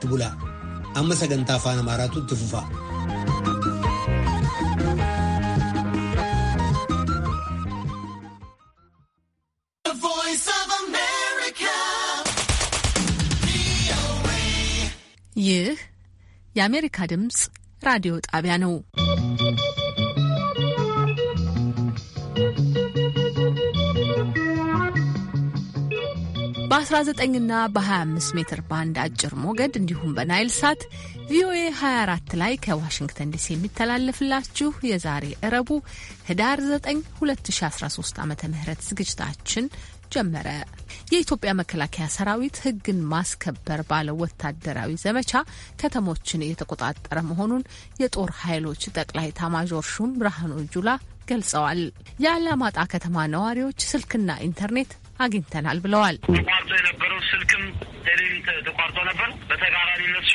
itti bula. Amma sagantaa afaan amaaraatu itti fufa. ይህ የአሜሪካ ድምፅ ራዲዮ ጣቢያ ነው። በ19ና በ25 ሜትር ባንድ አጭር ሞገድ እንዲሁም በናይል ሳት ቪኦኤ 24 ላይ ከዋሽንግተን ዲሲ የሚተላለፍላችሁ የዛሬ እረቡ ህዳር 9 2013 ዓ ም ዝግጅታችን ጀመረ። የኢትዮጵያ መከላከያ ሰራዊት ህግን ማስከበር ባለው ወታደራዊ ዘመቻ ከተሞችን እየተቆጣጠረ መሆኑን የጦር ኃይሎች ጠቅላይ ታማዦር ሹም ብርሃኑ ጁላ ገልጸዋል። የአላማጣ ከተማ ነዋሪዎች ስልክና ኢንተርኔት አግኝተናል ብለዋል። ተቋርጦ የነበረው ስልክም ቴሌቪዥን ተቋርጦ ነበር። በተቃራኒ እነሱ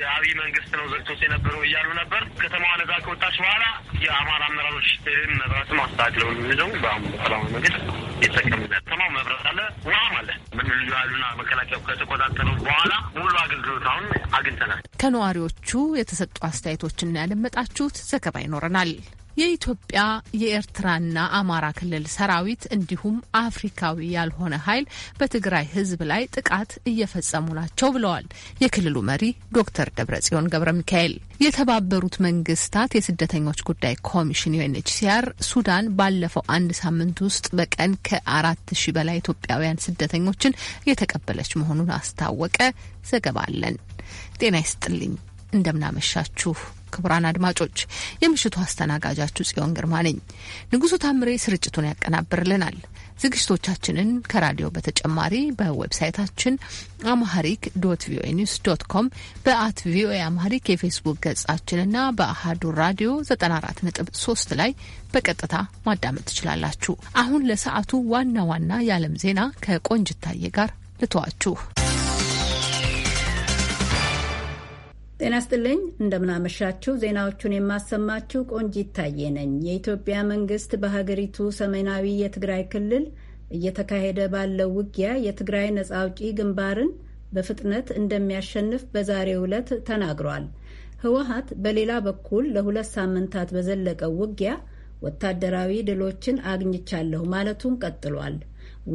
የአብይ መንግስት ነው ዘግቶት የነበረው እያሉ ነበር። ከተማዋ ነጻ ከወጣች በኋላ የአማራ አመራሮች ቴሌቪዥን መብራትም አስተካክለው የሚለው በአሁኑ መንገድ የተጠቀሙ ከተማው መብራት አለ፣ ውሃም አለ። ምን ልዩ ኃይሉና መከላከያው ከተቆጣጠረው በኋላ ሙሉ አገልግሎት አሁን አግኝተናል። ከነዋሪዎቹ የተሰጡ አስተያየቶችና ያደመጣችሁት ዘገባ ይኖረናል። የኢትዮጵያ የኤርትራና አማራ ክልል ሰራዊት እንዲሁም አፍሪካዊ ያልሆነ ኃይል በትግራይ ህዝብ ላይ ጥቃት እየፈጸሙ ናቸው ብለዋል የክልሉ መሪ ዶክተር ደብረጽዮን ገብረ ሚካኤል። የተባበሩት መንግስታት የስደተኞች ጉዳይ ኮሚሽን ዩኤንኤችሲአር ሱዳን ባለፈው አንድ ሳምንት ውስጥ በቀን ከአራት ሺህ በላይ ኢትዮጵያውያን ስደተኞችን እየተቀበለች መሆኑን አስታወቀ። ዘገባ አለን። ጤና ይስጥልኝ። እንደምናመሻችሁ ክቡራን አድማጮች የምሽቱ አስተናጋጃችሁ ጽዮን ግርማ ነኝ። ንጉሱ ታምሬ ስርጭቱን ያቀናብርልናል። ዝግጅቶቻችንን ከራዲዮ በተጨማሪ በዌብሳይታችን አማሃሪክ ዶት ቪኦኤ ኒውስ ዶት ኮም በአት ቪኦኤ አማሃሪክ የፌስቡክ ገጻችንና በአሃዱ ራዲዮ 94.3 ላይ በቀጥታ ማዳመጥ ትችላላችሁ። አሁን ለሰዓቱ ዋና ዋና የዓለም ዜና ከቆንጅታዬ ጋር ልተዋችሁ። ጤና ስጥልኝ እንደምናመሻችሁ። ዜናዎቹን የማሰማችሁ ቆንጂ ይታየ ነኝ። የኢትዮጵያ መንግስት በሀገሪቱ ሰሜናዊ የትግራይ ክልል እየተካሄደ ባለው ውጊያ የትግራይ ነጻ አውጪ ግንባርን በፍጥነት እንደሚያሸንፍ በዛሬው ዕለት ተናግሯል። ህወሀት በሌላ በኩል ለሁለት ሳምንታት በዘለቀው ውጊያ ወታደራዊ ድሎችን አግኝቻለሁ ማለቱን ቀጥሏል።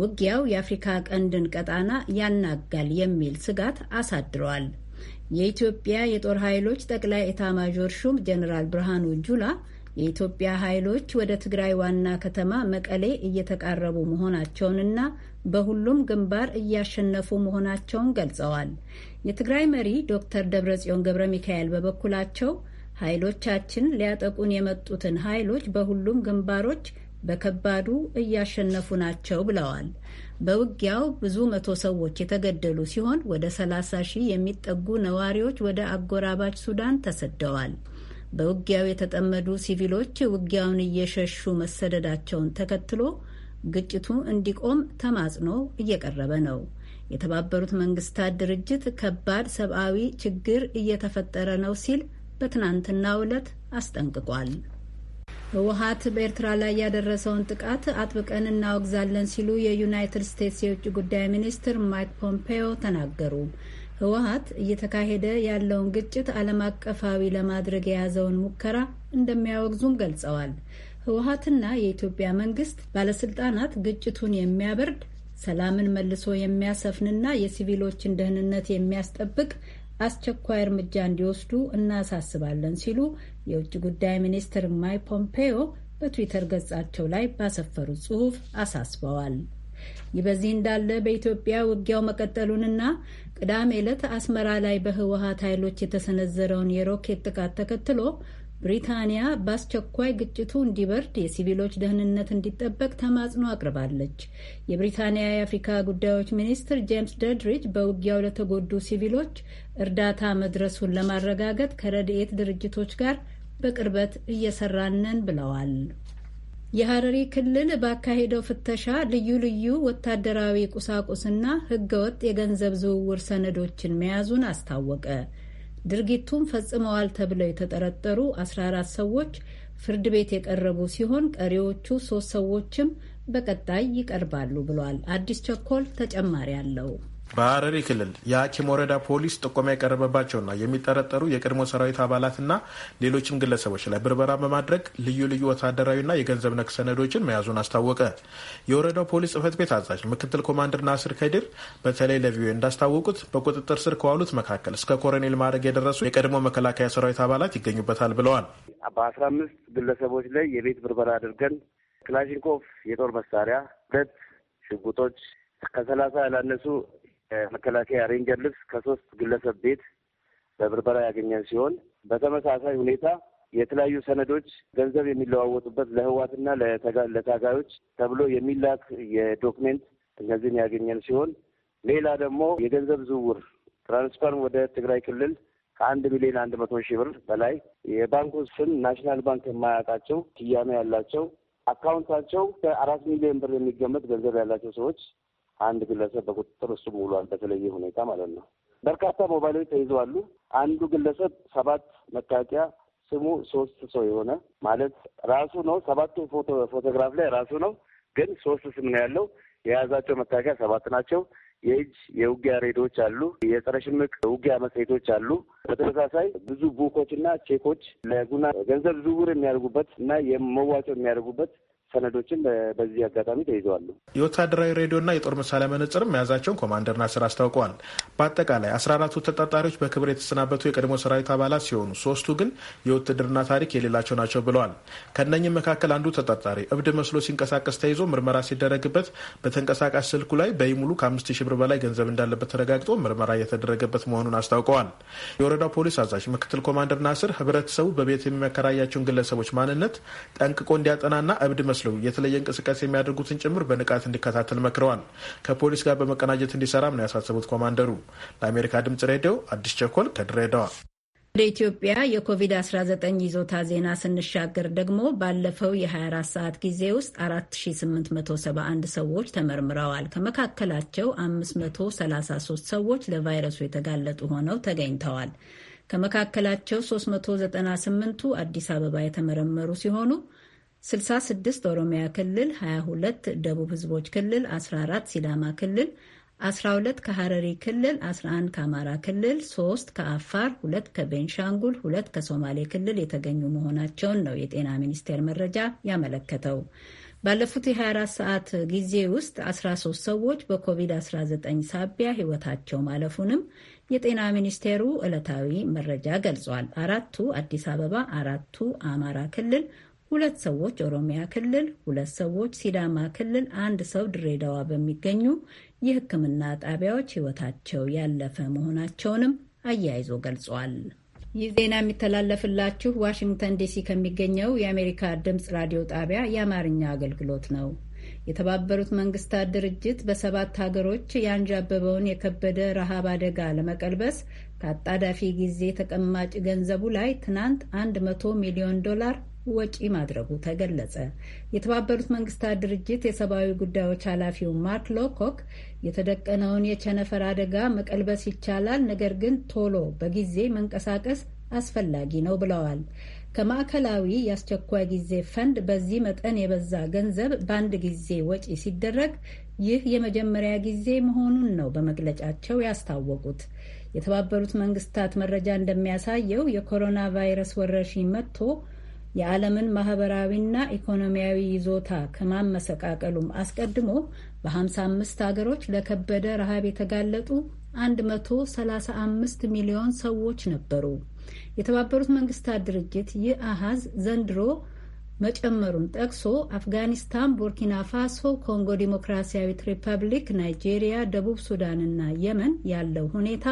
ውጊያው የአፍሪካ ቀንድን ቀጣና ያናጋል የሚል ስጋት አሳድሯል። የኢትዮጵያ የጦር ኃይሎች ጠቅላይ ኤታማዦር ሹም ጀኔራል ብርሃኑ ጁላ የኢትዮጵያ ኃይሎች ወደ ትግራይ ዋና ከተማ መቀሌ እየተቃረቡ መሆናቸውንና በሁሉም ግንባር እያሸነፉ መሆናቸውን ገልጸዋል። የትግራይ መሪ ዶክተር ደብረጽዮን ገብረ ሚካኤል በበኩላቸው ኃይሎቻችን ሊያጠቁን የመጡትን ኃይሎች በሁሉም ግንባሮች በከባዱ እያሸነፉ ናቸው ብለዋል። በውጊያው ብዙ መቶ ሰዎች የተገደሉ ሲሆን ወደ 30 ሺህ የሚጠጉ ነዋሪዎች ወደ አጎራባች ሱዳን ተሰደዋል። በውጊያው የተጠመዱ ሲቪሎች ውጊያውን እየሸሹ መሰደዳቸውን ተከትሎ ግጭቱ እንዲቆም ተማጽኖ እየቀረበ ነው። የተባበሩት መንግስታት ድርጅት ከባድ ሰብአዊ ችግር እየተፈጠረ ነው ሲል በትናንትናው ዕለት አስጠንቅቋል። ህወሀት በኤርትራ ላይ ያደረሰውን ጥቃት አጥብቀን እናወግዛለን ሲሉ የዩናይትድ ስቴትስ የውጭ ጉዳይ ሚኒስትር ማይክ ፖምፔዮ ተናገሩ። ህወሀት እየተካሄደ ያለውን ግጭት ዓለም አቀፋዊ ለማድረግ የያዘውን ሙከራ እንደሚያወግዙም ገልጸዋል። ህወሀትና የኢትዮጵያ መንግስት ባለስልጣናት ግጭቱን የሚያበርድ ሰላምን መልሶ የሚያሰፍንና የሲቪሎችን ደህንነት የሚያስጠብቅ አስቸኳይ እርምጃ እንዲወስዱ እናሳስባለን ሲሉ የውጭ ጉዳይ ሚኒስትር ማይክ ፖምፔዮ በትዊተር ገጻቸው ላይ ባሰፈሩት ጽሑፍ አሳስበዋል። ይህ በዚህ እንዳለ በኢትዮጵያ ውጊያው መቀጠሉንና ቅዳሜ ዕለት አስመራ ላይ በህወሀት ኃይሎች የተሰነዘረውን የሮኬት ጥቃት ተከትሎ ብሪታንያ በአስቸኳይ ግጭቱ እንዲበርድ የሲቪሎች ደህንነት እንዲጠበቅ ተማጽኖ አቅርባለች። የብሪታንያ የአፍሪካ ጉዳዮች ሚኒስትር ጄምስ ደድሪጅ በውጊያው ለተጎዱ ሲቪሎች እርዳታ መድረሱን ለማረጋገጥ ከረድኤት ድርጅቶች ጋር በቅርበት እየሰራነን ብለዋል። የሐረሪ ክልል ባካሄደው ፍተሻ ልዩ ልዩ ወታደራዊ ቁሳቁስና ሕገወጥ የገንዘብ ዝውውር ሰነዶችን መያዙን አስታወቀ። ድርጊቱን ፈጽመዋል ተብለው የተጠረጠሩ 14 ሰዎች ፍርድ ቤት የቀረቡ ሲሆን ቀሪዎቹ ሶስት ሰዎችም በቀጣይ ይቀርባሉ ብሏል። አዲስ ቸኮል ተጨማሪ አለው። በሐረሪ ክልል የሀኪም ወረዳ ፖሊስ ጥቆማ የቀረበባቸውና የሚጠረጠሩ የቀድሞ ሰራዊት አባላትና ሌሎችም ግለሰቦች ላይ ብርበራ በማድረግ ልዩ ልዩ ወታደራዊና የገንዘብ ነክ ሰነዶችን መያዙን አስታወቀ። የወረዳው ፖሊስ ጽህፈት ቤት አዛዥ ምክትል ኮማንደር ናስር ከድር በተለይ ለቪኦኤ እንዳስታወቁት በቁጥጥር ስር ከዋሉት መካከል እስከ ኮሎኔል ማድረግ የደረሱ የቀድሞ መከላከያ ሰራዊት አባላት ይገኙበታል ብለዋል። በአስራ አምስት ግለሰቦች ላይ የቤት ብርበራ አድርገን ክላሽንኮቭ የጦር መሳሪያ፣ ሁለት ሽጉጦች ከሰላሳ ያላነሱ የመከላከያ ሬንጀር ልብስ ከሶስት ግለሰብ ቤት በብርበራ ያገኘን ሲሆን በተመሳሳይ ሁኔታ የተለያዩ ሰነዶች፣ ገንዘብ የሚለዋወጡበት ለህዋትና ለታጋዮች ተብሎ የሚላክ የዶክሜንት እነዚህን ያገኘን ሲሆን ሌላ ደግሞ የገንዘብ ዝውውር ትራንስፈር ወደ ትግራይ ክልል ከአንድ ሚሊዮን አንድ መቶ ሺህ ብር በላይ የባንኩ ስም ናሽናል ባንክ የማያውቃቸው ስያሜ ያላቸው አካውንታቸው ከአራት ሚሊዮን ብር የሚገመት ገንዘብ ያላቸው ሰዎች አንድ ግለሰብ በቁጥጥር እሱ ውሏል። በተለየ ሁኔታ ማለት ነው። በርካታ ሞባይሎች ተይዘዋሉ። አንዱ ግለሰብ ሰባት መታወቂያ ስሙ ሶስት ሰው የሆነ ማለት ራሱ ነው። ሰባቱ ፎቶግራፍ ላይ ራሱ ነው፣ ግን ሶስት ስም ነው ያለው። የያዛቸው መታወቂያ ሰባት ናቸው። የእጅ የውጊያ ሬዲዎች አሉ። የጸረ ሽምቅ ውጊያ መጽሔቶች አሉ። በተመሳሳይ ብዙ ቡኮች እና ቼኮች ለጉና ገንዘብ ዝውውር የሚያደርጉበት እና የመዋጮ የሚያደርጉበት ሰነዶችን በዚህ አጋጣሚ ተይዘዋሉ። የወታደራዊ ሬዲዮና የጦር መሳሪያ መነጽርም መያዛቸውን ኮማንደር ናስር አስታውቀዋል። በአጠቃላይ አስራ አራቱ ተጠርጣሪዎች በክብር የተሰናበቱ የቀድሞ ሰራዊት አባላት ሲሆኑ ሶስቱ ግን የውትድርና ታሪክ የሌላቸው ናቸው ብለዋል። ከእነኝም መካከል አንዱ ተጠርጣሪ እብድ መስሎ ሲንቀሳቀስ ተይዞ ምርመራ ሲደረግበት በተንቀሳቃሽ ስልኩ ላይ በይሙሉ ከአምስት ሺህ ብር በላይ ገንዘብ እንዳለበት ተረጋግጦ ምርመራ እየተደረገበት መሆኑን አስታውቀዋል። የወረዳው ፖሊስ አዛዥ ምክትል ኮማንደር ናስር ህብረተሰቡ በቤት የሚያከራያቸውን ግለሰቦች ማንነት ጠንቅቆ እንዲያጠናና እብድ መስሎ የሚመስሉ የተለየ እንቅስቃሴ የሚያደርጉትን ጭምር በንቃት እንዲከታተል መክረዋል። ከፖሊስ ጋር በመቀናጀት እንዲሰራም ነው ያሳሰቡት ኮማንደሩ። ለአሜሪካ ድምጽ ሬዲዮ አዲስ ቸኮል ከድሬዳዋ። ወደ ኢትዮጵያ የኮቪድ-19 ይዞታ ዜና ስንሻገር ደግሞ ባለፈው የ24 ሰዓት ጊዜ ውስጥ 4871 ሰዎች ተመርምረዋል። ከመካከላቸው 533 ሰዎች ለቫይረሱ የተጋለጡ ሆነው ተገኝተዋል። ከመካከላቸው 398ቱ አዲስ አበባ የተመረመሩ ሲሆኑ 66 ኦሮሚያ ክልል፣ 22 ደቡብ ህዝቦች ክልል፣ 14 ሲዳማ ክልል፣ 12 ከሐረሪ ክልል፣ 11 ከአማራ ክልል፣ 3 ከአፋር፣ 2 ከቤንሻንጉል፣ 2 ከሶማሌ ክልል የተገኙ መሆናቸውን ነው የጤና ሚኒስቴር መረጃ ያመለከተው። ባለፉት የ24 ሰዓት ጊዜ ውስጥ 13 ሰዎች በኮቪድ-19 ሳቢያ ህይወታቸው ማለፉንም የጤና ሚኒስቴሩ ዕለታዊ መረጃ ገልጿል። አራቱ አዲስ አበባ፣ አራቱ አማራ ክልል ሁለት ሰዎች ኦሮሚያ ክልል፣ ሁለት ሰዎች ሲዳማ ክልል፣ አንድ ሰው ድሬዳዋ በሚገኙ የሕክምና ጣቢያዎች ሕይወታቸው ያለፈ መሆናቸውንም አያይዞ ገልጿል። ይህ ዜና የሚተላለፍላችሁ ዋሽንግተን ዲሲ ከሚገኘው የአሜሪካ ድምፅ ራዲዮ ጣቢያ የአማርኛ አገልግሎት ነው። የተባበሩት መንግስታት ድርጅት በሰባት ሀገሮች ያንዣበበውን የከበደ ረሃብ አደጋ ለመቀልበስ ከአጣዳፊ ጊዜ ተቀማጭ ገንዘቡ ላይ ትናንት 100 ሚሊዮን ዶላር ወጪ ማድረጉ ተገለጸ። የተባበሩት መንግስታት ድርጅት የሰብአዊ ጉዳዮች ኃላፊው ማርክ ሎኮክ የተደቀነውን የቸነፈር አደጋ መቀልበስ ይቻላል፣ ነገር ግን ቶሎ በጊዜ መንቀሳቀስ አስፈላጊ ነው ብለዋል። ከማዕከላዊ የአስቸኳይ ጊዜ ፈንድ በዚህ መጠን የበዛ ገንዘብ በአንድ ጊዜ ወጪ ሲደረግ ይህ የመጀመሪያ ጊዜ መሆኑን ነው በመግለጫቸው ያስታወቁት። የተባበሩት መንግስታት መረጃ እንደሚያሳየው የኮሮና ቫይረስ ወረርሽኝ መጥቶ የዓለምን ማህበራዊና ኢኮኖሚያዊ ይዞታ ከማመሰቃቀሉም አስቀድሞ በ55 ሀገሮች ለከበደ ረሃብ የተጋለጡ 135 ሚሊዮን ሰዎች ነበሩ። የተባበሩት መንግስታት ድርጅት ይህ አሃዝ ዘንድሮ መጨመሩን ጠቅሶ አፍጋኒስታን፣ ቡርኪና ፋሶ፣ ኮንጎ ዲሞክራሲያዊት ሪፐብሊክ፣ ናይጄሪያ፣ ደቡብ ሱዳንና የመን ያለው ሁኔታ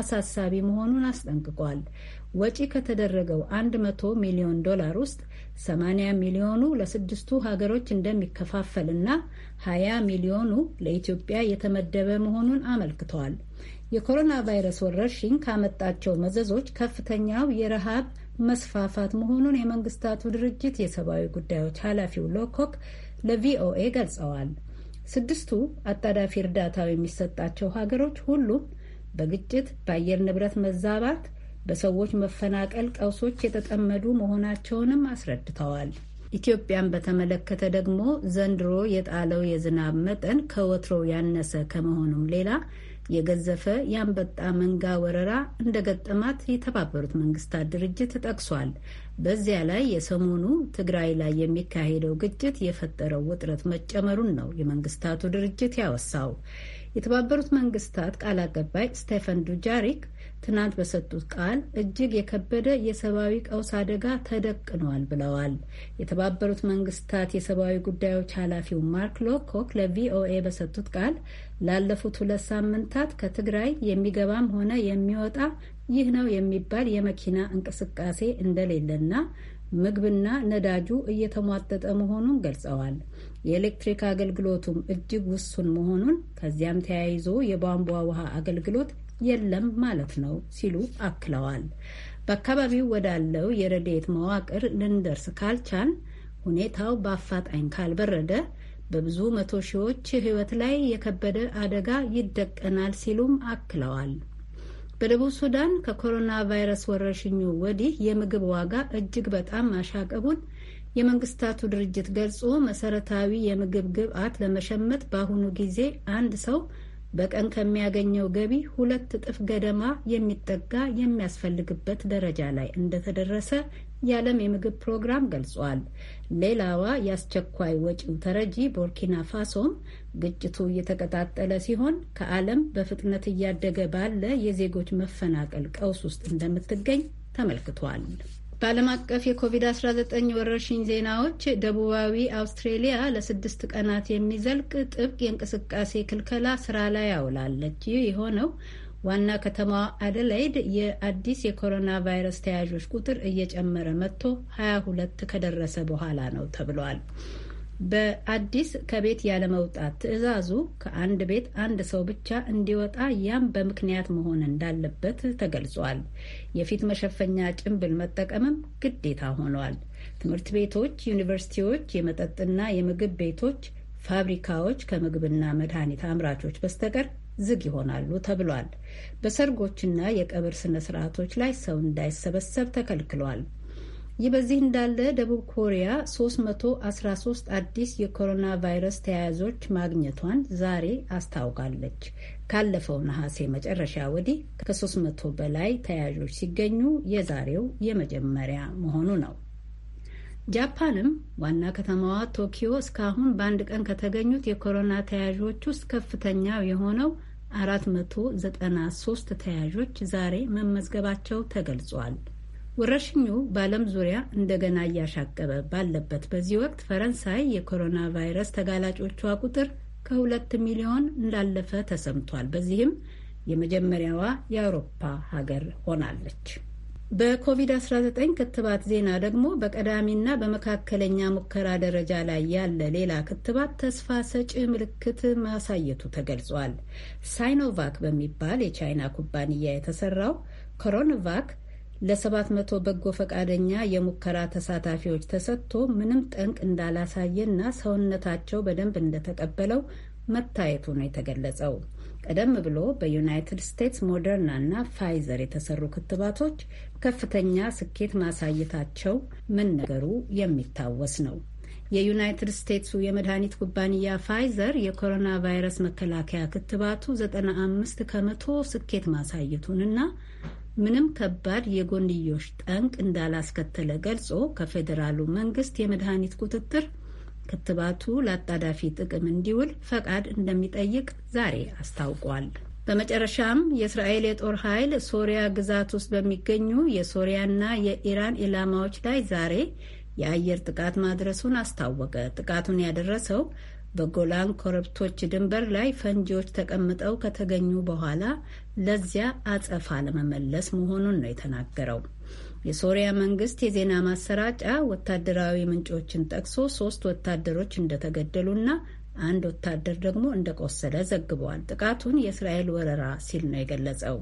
አሳሳቢ መሆኑን አስጠንቅቋል። ወጪ ከተደረገው 100 ሚሊዮን ዶላር ውስጥ 80 ሚሊዮኑ ለስድስቱ ሀገሮች እንደሚከፋፈልና 20 ሚሊዮኑ ለኢትዮጵያ የተመደበ መሆኑን አመልክተዋል። የኮሮና ቫይረስ ወረርሽኝ ካመጣቸው መዘዞች ከፍተኛው የረሃብ መስፋፋት መሆኑን የመንግስታቱ ድርጅት የሰብአዊ ጉዳዮች ኃላፊው ሎኮክ ለቪኦኤ ገልጸዋል። ስድስቱ አጣዳፊ እርዳታው የሚሰጣቸው ሀገሮች ሁሉም በግጭት፣ በአየር ንብረት መዛባት፣ በሰዎች መፈናቀል ቀውሶች የተጠመዱ መሆናቸውንም አስረድተዋል። ኢትዮጵያን በተመለከተ ደግሞ ዘንድሮ የጣለው የዝናብ መጠን ከወትሮው ያነሰ ከመሆኑም ሌላ የገዘፈ የአንበጣ መንጋ ወረራ እንደገጠማት የተባበሩት መንግስታት ድርጅት ጠቅሷል። በዚያ ላይ የሰሞኑ ትግራይ ላይ የሚካሄደው ግጭት የፈጠረው ውጥረት መጨመሩን ነው የመንግስታቱ ድርጅት ያወሳው። የተባበሩት መንግስታት ቃል አቀባይ ስቴፈን ዱጃሪክ ትናንት በሰጡት ቃል እጅግ የከበደ የሰብአዊ ቀውስ አደጋ ተደቅኗል ብለዋል። የተባበሩት መንግስታት የሰብአዊ ጉዳዮች ኃላፊው ማርክ ሎኮክ ለቪኦኤ በሰጡት ቃል ላለፉት ሁለት ሳምንታት ከትግራይ የሚገባም ሆነ የሚወጣ ይህ ነው የሚባል የመኪና እንቅስቃሴ እንደሌለና ምግብና ነዳጁ እየተሟጠጠ መሆኑን ገልጸዋል። የኤሌክትሪክ አገልግሎቱም እጅግ ውሱን መሆኑን ከዚያም ተያይዞ የቧንቧ ውሃ አገልግሎት የለም ማለት ነው ሲሉ አክለዋል። በአካባቢው ወዳለው የረድኤት መዋቅር ልንደርስ ካልቻን፣ ሁኔታው በአፋጣኝ ካልበረደ በብዙ መቶ ሺዎች ሕይወት ላይ የከበደ አደጋ ይደቀናል ሲሉም አክለዋል። በደቡብ ሱዳን ከኮሮና ቫይረስ ወረርሽኙ ወዲህ የምግብ ዋጋ እጅግ በጣም ማሻቀቡን የመንግስታቱ ድርጅት ገልጾ መሰረታዊ የምግብ ግብዓት ለመሸመት በአሁኑ ጊዜ አንድ ሰው በቀን ከሚያገኘው ገቢ ሁለት እጥፍ ገደማ የሚጠጋ የሚያስፈልግበት ደረጃ ላይ እንደተደረሰ የዓለም የምግብ ፕሮግራም ገልጿል። ሌላዋ የአስቸኳይ ወጪው ተረጂ ቦርኪና ፋሶም ግጭቱ እየተቀጣጠለ ሲሆን ከዓለም በፍጥነት እያደገ ባለ የዜጎች መፈናቀል ቀውስ ውስጥ እንደምትገኝ ተመልክቷል። በዓለም አቀፍ የኮቪድ-19 ወረርሽኝ ዜናዎች ደቡባዊ አውስትሬሊያ ለስድስት ቀናት የሚዘልቅ ጥብቅ የእንቅስቃሴ ክልከላ ስራ ላይ ያውላለች። ይህ የሆነው ዋና ከተማዋ አደላይድ የአዲስ የኮሮና ቫይረስ ተያዦች ቁጥር እየጨመረ መጥቶ 22 ከደረሰ በኋላ ነው ተብሏል። በአዲስ ከቤት ያለመውጣት ትዕዛዙ ከአንድ ቤት አንድ ሰው ብቻ እንዲወጣ ያም በምክንያት መሆን እንዳለበት ተገልጿል። የፊት መሸፈኛ ጭንብል መጠቀምም ግዴታ ሆኗል። ትምህርት ቤቶች፣ ዩኒቨርሲቲዎች፣ የመጠጥና የምግብ ቤቶች፣ ፋብሪካዎች ከምግብና መድኃኒት አምራቾች በስተቀር ዝግ ይሆናሉ ተብሏል። በሰርጎችና የቀብር ስነ ስርዓቶች ላይ ሰው እንዳይሰበሰብ ተከልክሏል። ይህ በዚህ እንዳለ ደቡብ ኮሪያ 313 አዲስ የኮሮና ቫይረስ ተያያዞች ማግኘቷን ዛሬ አስታውቃለች። ካለፈው ነሐሴ መጨረሻ ወዲህ ከ300 በላይ ተያያዦች ሲገኙ የዛሬው የመጀመሪያ መሆኑ ነው። ጃፓንም ዋና ከተማዋ ቶኪዮ እስካሁን በአንድ ቀን ከተገኙት የኮሮና ተያያዦች ውስጥ ከፍተኛው የሆነው 493 ተያያዦች ዛሬ መመዝገባቸው ተገልጿል። ወረርሽኙ በዓለም ዙሪያ እንደገና እያሻቀበ ባለበት በዚህ ወቅት ፈረንሳይ የኮሮና ቫይረስ ተጋላጮቿ ቁጥር ከሁለት ሚሊዮን እንዳለፈ ተሰምቷል። በዚህም የመጀመሪያዋ የአውሮፓ ሀገር ሆናለች። በኮቪድ-19 ክትባት ዜና ደግሞ በቀዳሚና በመካከለኛ ሙከራ ደረጃ ላይ ያለ ሌላ ክትባት ተስፋ ሰጪ ምልክት ማሳየቱ ተገልጿል። ሳይኖቫክ በሚባል የቻይና ኩባንያ የተሰራው ኮሮንቫክ ለ700 በጎ ፈቃደኛ የሙከራ ተሳታፊዎች ተሰጥቶ ምንም ጠንቅ እንዳላሳየና ሰውነታቸው በደንብ እንደተቀበለው መታየቱ ነው የተገለጸው። ቀደም ብሎ በዩናይትድ ስቴትስ ሞደርና እና ፋይዘር የተሰሩ ክትባቶች ከፍተኛ ስኬት ማሳየታቸው መነገሩ የሚታወስ ነው። የዩናይትድ ስቴትሱ የመድኃኒት ኩባንያ ፋይዘር የኮሮና ቫይረስ መከላከያ ክትባቱ 95 ከመቶ ስኬት ማሳየቱንና ምንም ከባድ የጎንዮሽ ጠንቅ እንዳላስከተለ ገልጾ ከፌዴራሉ መንግስት የመድኃኒት ቁጥጥር ክትባቱ ለአጣዳፊ ጥቅም እንዲውል ፈቃድ እንደሚጠይቅ ዛሬ አስታውቋል። በመጨረሻም የእስራኤል የጦር ኃይል ሶሪያ ግዛት ውስጥ በሚገኙ የሶሪያና የኢራን ኢላማዎች ላይ ዛሬ የአየር ጥቃት ማድረሱን አስታወቀ። ጥቃቱን ያደረሰው በጎላን ኮረብቶች ድንበር ላይ ፈንጂዎች ተቀምጠው ከተገኙ በኋላ ለዚያ አጸፋ ለመመለስ መሆኑን ነው የተናገረው። የሶሪያ መንግስት የዜና ማሰራጫ ወታደራዊ ምንጮችን ጠቅሶ ሶስት ወታደሮች እንደተገደሉና አንድ ወታደር ደግሞ እንደቆሰለ ዘግበዋል። ጥቃቱን የእስራኤል ወረራ ሲል ነው የገለጸው።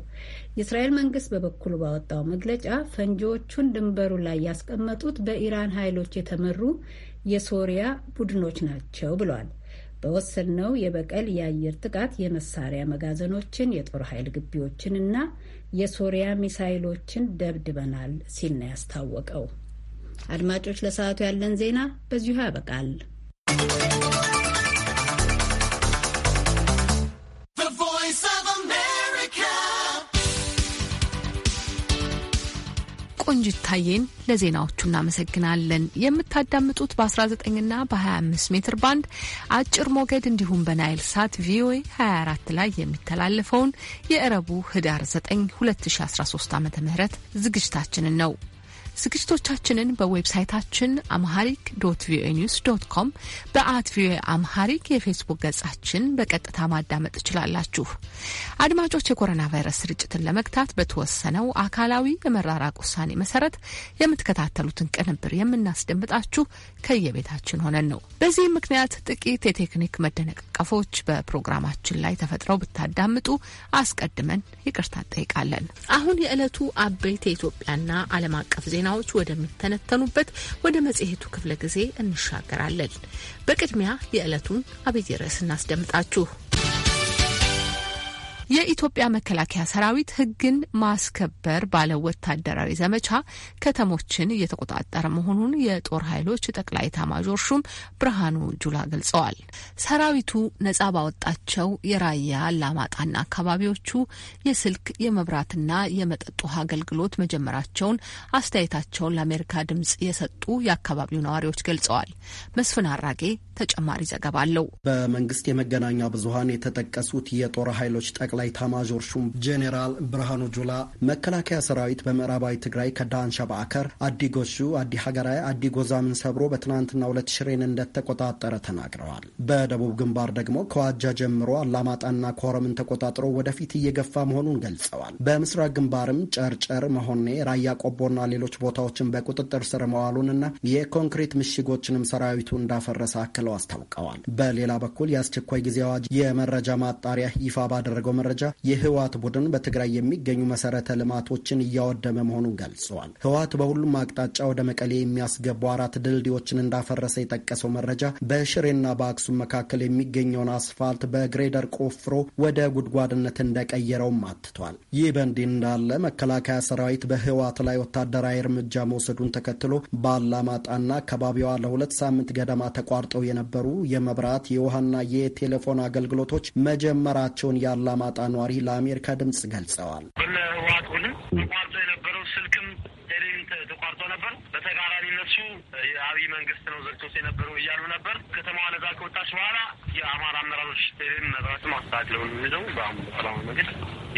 የእስራኤል መንግስት በበኩሉ ባወጣው መግለጫ ፈንጂዎቹን ድንበሩ ላይ ያስቀመጡት በኢራን ኃይሎች የተመሩ የሶሪያ ቡድኖች ናቸው ብሏል። በወሰድነው የበቀል የአየር ጥቃት የመሳሪያ መጋዘኖችን፣ የጦር ኃይል ግቢዎችንና የሶሪያ ሚሳይሎችን ደብድበናል ሲል ነው ያስታወቀው። አድማጮች፣ ለሰዓቱ ያለን ዜና በዚሁ ያበቃል። ቆንጅት ለዜናዎቹ እናመሰግናለን። የምታዳምጡት በ19ና በ25 ሜትር ባንድ አጭር ሞገድ እንዲሁም በናይል ሳት ቪኦኤ 24 ላይ የሚተላለፈውን የእረቡ ህዳር 9 2013 ዓ ም ዝግጅታችንን ነው። ዝግጅቶቻችንን በዌብሳይታችን አምሃሪክ ዶት ቪኦኤ ኒውስ ዶት ኮም በአት ቪኦኤ አምሃሪክ የፌስቡክ ገጻችን በቀጥታ ማዳመጥ ትችላላችሁ። አድማጮች፣ የኮሮና ቫይረስ ስርጭትን ለመግታት በተወሰነው አካላዊ የመራራቅ ውሳኔ መሰረት የምትከታተሉትን ቅንብር የምናስደምጣችሁ ከየቤታችን ሆነን ነው። በዚህም ምክንያት ጥቂት የቴክኒክ መደነቃቀፎች በፕሮግራማችን ላይ ተፈጥረው ብታዳምጡ አስቀድመን ይቅርታ እንጠይቃለን። አሁን የዕለቱ አበይት የኢትዮጵያና ዓለም አቀፍ ዜና ዜናዎች ወደሚተነተኑበት ወደ መጽሔቱ ክፍለ ጊዜ እንሻገራለን። በቅድሚያ የዕለቱን አብይ ርዕስ እናስደምጣችሁ። የኢትዮጵያ መከላከያ ሰራዊት ህግን ማስከበር ባለ ወታደራዊ ዘመቻ ከተሞችን እየተቆጣጠረ መሆኑን የጦር ኃይሎች ጠቅላይ ኤታማዦር ሹም ብርሃኑ ጁላ ገልጸዋል። ሰራዊቱ ነጻ ባወጣቸው የራያ አላማጣና አካባቢዎቹ የስልክ የመብራትና የመጠጥ ውሃ አገልግሎት መጀመራቸውን አስተያየታቸውን ለአሜሪካ ድምጽ የሰጡ የአካባቢው ነዋሪዎች ገልጸዋል። መስፍን አራጌ ተጨማሪ ዘገባ አለው። በመንግስት የመገናኛ ብዙሀን የተጠቀሱት የጦር ኃይሎች ጠቅላይ ጠቅላይ ታማዦር ሹም ጄኔራል ብርሃኑ ጁላ መከላከያ ሰራዊት በምዕራባዊ ትግራይ ከዳንሻ በአከር አዲ ጎሹ አዲ ሀገራ አዲ ጎዛምን ሰብሮ በትናንትና ሁለት ሽሬን እንደተቆጣጠረ ተናግረዋል። በደቡብ ግንባር ደግሞ ከዋጃ ጀምሮ አላማጣና ኮረምን ተቆጣጥሮ ወደፊት እየገፋ መሆኑን ገልጸዋል። በምስራቅ ግንባርም ጨርጨር፣ መሆኔ፣ ራያ ቆቦና ሌሎች ቦታዎችን በቁጥጥር ስር መዋሉንና የኮንክሪት ምሽጎችንም ሰራዊቱ እንዳፈረሰ አክለው አስታውቀዋል። በሌላ በኩል የአስቸኳይ ጊዜ አዋጅ የመረጃ ማጣሪያ ይፋ ባደረገው መረጃ መረጃ የህወሀት ቡድን በትግራይ የሚገኙ መሰረተ ልማቶችን እያወደመ መሆኑን ገልጸዋል። ህወሀት በሁሉም አቅጣጫ ወደ መቀሌ የሚያስገቡ አራት ድልድዮችን እንዳፈረሰ የጠቀሰው መረጃ በሽሬና በአክሱም መካከል የሚገኘውን አስፋልት በግሬደር ቆፍሮ ወደ ጉድጓድነት እንደቀየረውም አትቷል። ይህ በእንዲህ እንዳለ መከላከያ ሰራዊት በህወሀት ላይ ወታደራዊ እርምጃ መውሰዱን ተከትሎ ባላማጣና አካባቢዋ ለሁለት ሳምንት ገደማ ተቋርጠው የነበሩ የመብራት የውሃና የቴሌፎን አገልግሎቶች መጀመራቸውን ያላማጣ ነዋሪ ለአሜሪካ ድምፅ ገልጸዋል። በተቃራኒ እነሱ የአብይ መንግስት ነው ዘግቶት የነበረው እያሉ ነበር። ከተማዋ ነጻ ከወጣች በኋላ የአማራ አመራሮች ቴሌን መብራትም አስተካክለው የሚለው በሰላማዊ መንገድ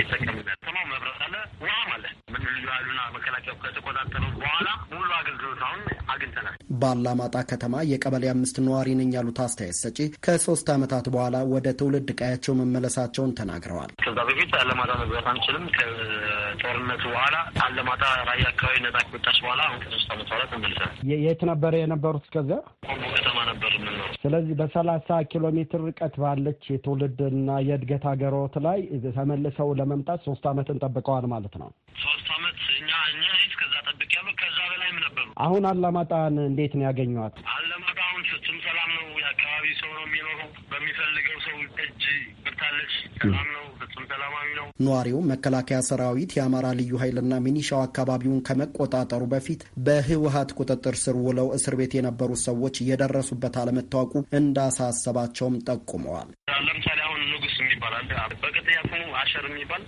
ይጠቀምል። ከተማው መብራት አለ፣ ውሃም አለ። ምን ልዩ ኃይሉና መከላከያው ከተቆጣጠሩ በኋላ ሙሉ አገልግሎት አሁን አግኝተናል። ባላማጣ ከተማ የቀበሌ አምስት ነዋሪ ነኝ ያሉት አስተያየት ሰጪ ከሶስት ዓመታት በኋላ ወደ ትውልድ ቀያቸው መመለሳቸውን ተናግረዋል። ከዛ በፊት አለማጣ መግባት አንችልም። ከጦርነቱ በኋላ አለማጣ ራያ አካባቢ ነጻ ከወጣች በኋላ አሁን ከሶስት ዓመት በኋላ ተመልሰናል። የት ነበር የነበሩት? ከዚያ ቆቦ ከተማ ነበር የምንኖር። ስለዚህ በሰላሳ ኪሎ ሜትር ርቀት ባለች የትውልድና የእድገት ሀገሮት ላይ ተመልሰው ለመምጣት ሶስት አመትን ጠብቀዋል ማለት ነው። ሶስት አመት እኛ እኛ ከዛ ጠብቅ ያሉ ከዛ በላይም ነበሩ። አሁን አላማጣን እንዴት ነው ያገኘዋት? አላማጣ አሁን ፍጹም ሰላም ነው። የአካባቢ ሰው ነው የሚኖረው። በሚፈልገው ሰው እጅ ብርታለች። ሰላም ነው ፍጹም ሰላማዊ ነው። ነዋሪው መከላከያ ሰራዊት የአማራ ልዩ ኃይልና ሚኒሻው አካባቢውን ከመቆጣጠሩ በፊት በህወሀት ቁጥጥር ስር ውለው እስር ቤት የነበሩ ሰዎች የደረሱበት አለመታወቁ እንዳሳሰባቸውም ጠቁመዋል። ለምሳሌ አሁን ንጉስ የሚባላል አለ። በቅጥያ ስሙ አሸር የሚባል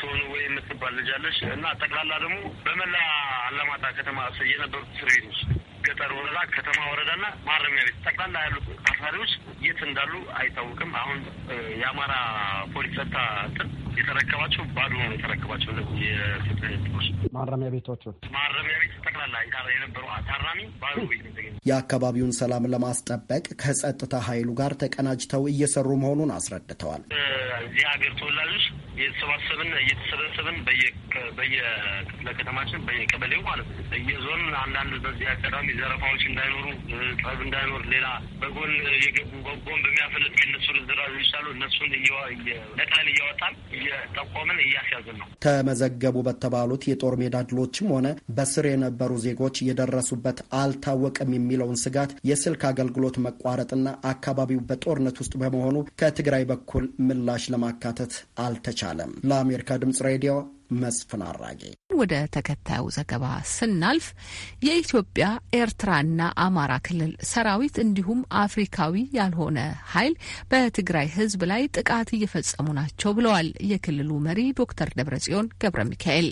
ትሆኑ ወይ የምትባል ልጃለች እና ጠቅላላ ደግሞ በመላ አላማጣ ከተማ የነበሩት እስር ቤቶች ገጠር ወረዳ፣ ከተማ ወረዳና ማረሚያ ቤት ጠቅላላ ያሉ አሳሪዎች የት እንዳሉ አይታወቅም። አሁን የአማራ ፖሊስ ጸጥታ እንትን የተረከባቸው ባዶ ነው የተረከባቸው ማረሚያ ቤቶቹ ማረሚያ ቤት ጠቅላላ የነበሩ ታራሚ ባዶ ቤት የአካባቢውን ሰላም ለማስጠበቅ ከጸጥታ ኃይሉ ጋር ተቀናጅተው እየሰሩ መሆኑን አስረድተዋል። የሀገር ተወላጆች እየተሰባሰብን እየተሰበሰብን በየክፍለ ከተማችን በየቀበሌው ማለት ነው በየዞን አንዳንድ በዚህ አጋጣሚ ዘረፋዎች እንዳይኖሩ፣ ጠብ እንዳይኖር፣ ሌላ በጎን የገቡ በጎን በሚያፈለጥ እነሱ ርዝራዦች ይቻሉ እነሱን ነቅለን እያወጣን እየጠቆምን እያስያዝን ነው። ተመዘገቡ በተባሉት የጦር ሜዳ ድሎችም ሆነ በስር የነበሩ ዜጎች የደረሱበት አልታወቀም የሚለውን ስጋት የስልክ አገልግሎት መቋረጥና አካባቢው በጦርነት ውስጥ በመሆኑ ከትግራይ በኩል ምላሽ ለማካተት አልተቻለም። አልቻለም። ለአሜሪካ ድምጽ ሬዲዮ መስፍን አራጌ። ወደ ተከታዩ ዘገባ ስናልፍ የኢትዮጵያ ኤርትራና አማራ ክልል ሰራዊት እንዲሁም አፍሪካዊ ያልሆነ ኃይል በትግራይ ሕዝብ ላይ ጥቃት እየፈጸሙ ናቸው ብለዋል የክልሉ መሪ ዶክተር ደብረጽዮን ገብረ ሚካኤል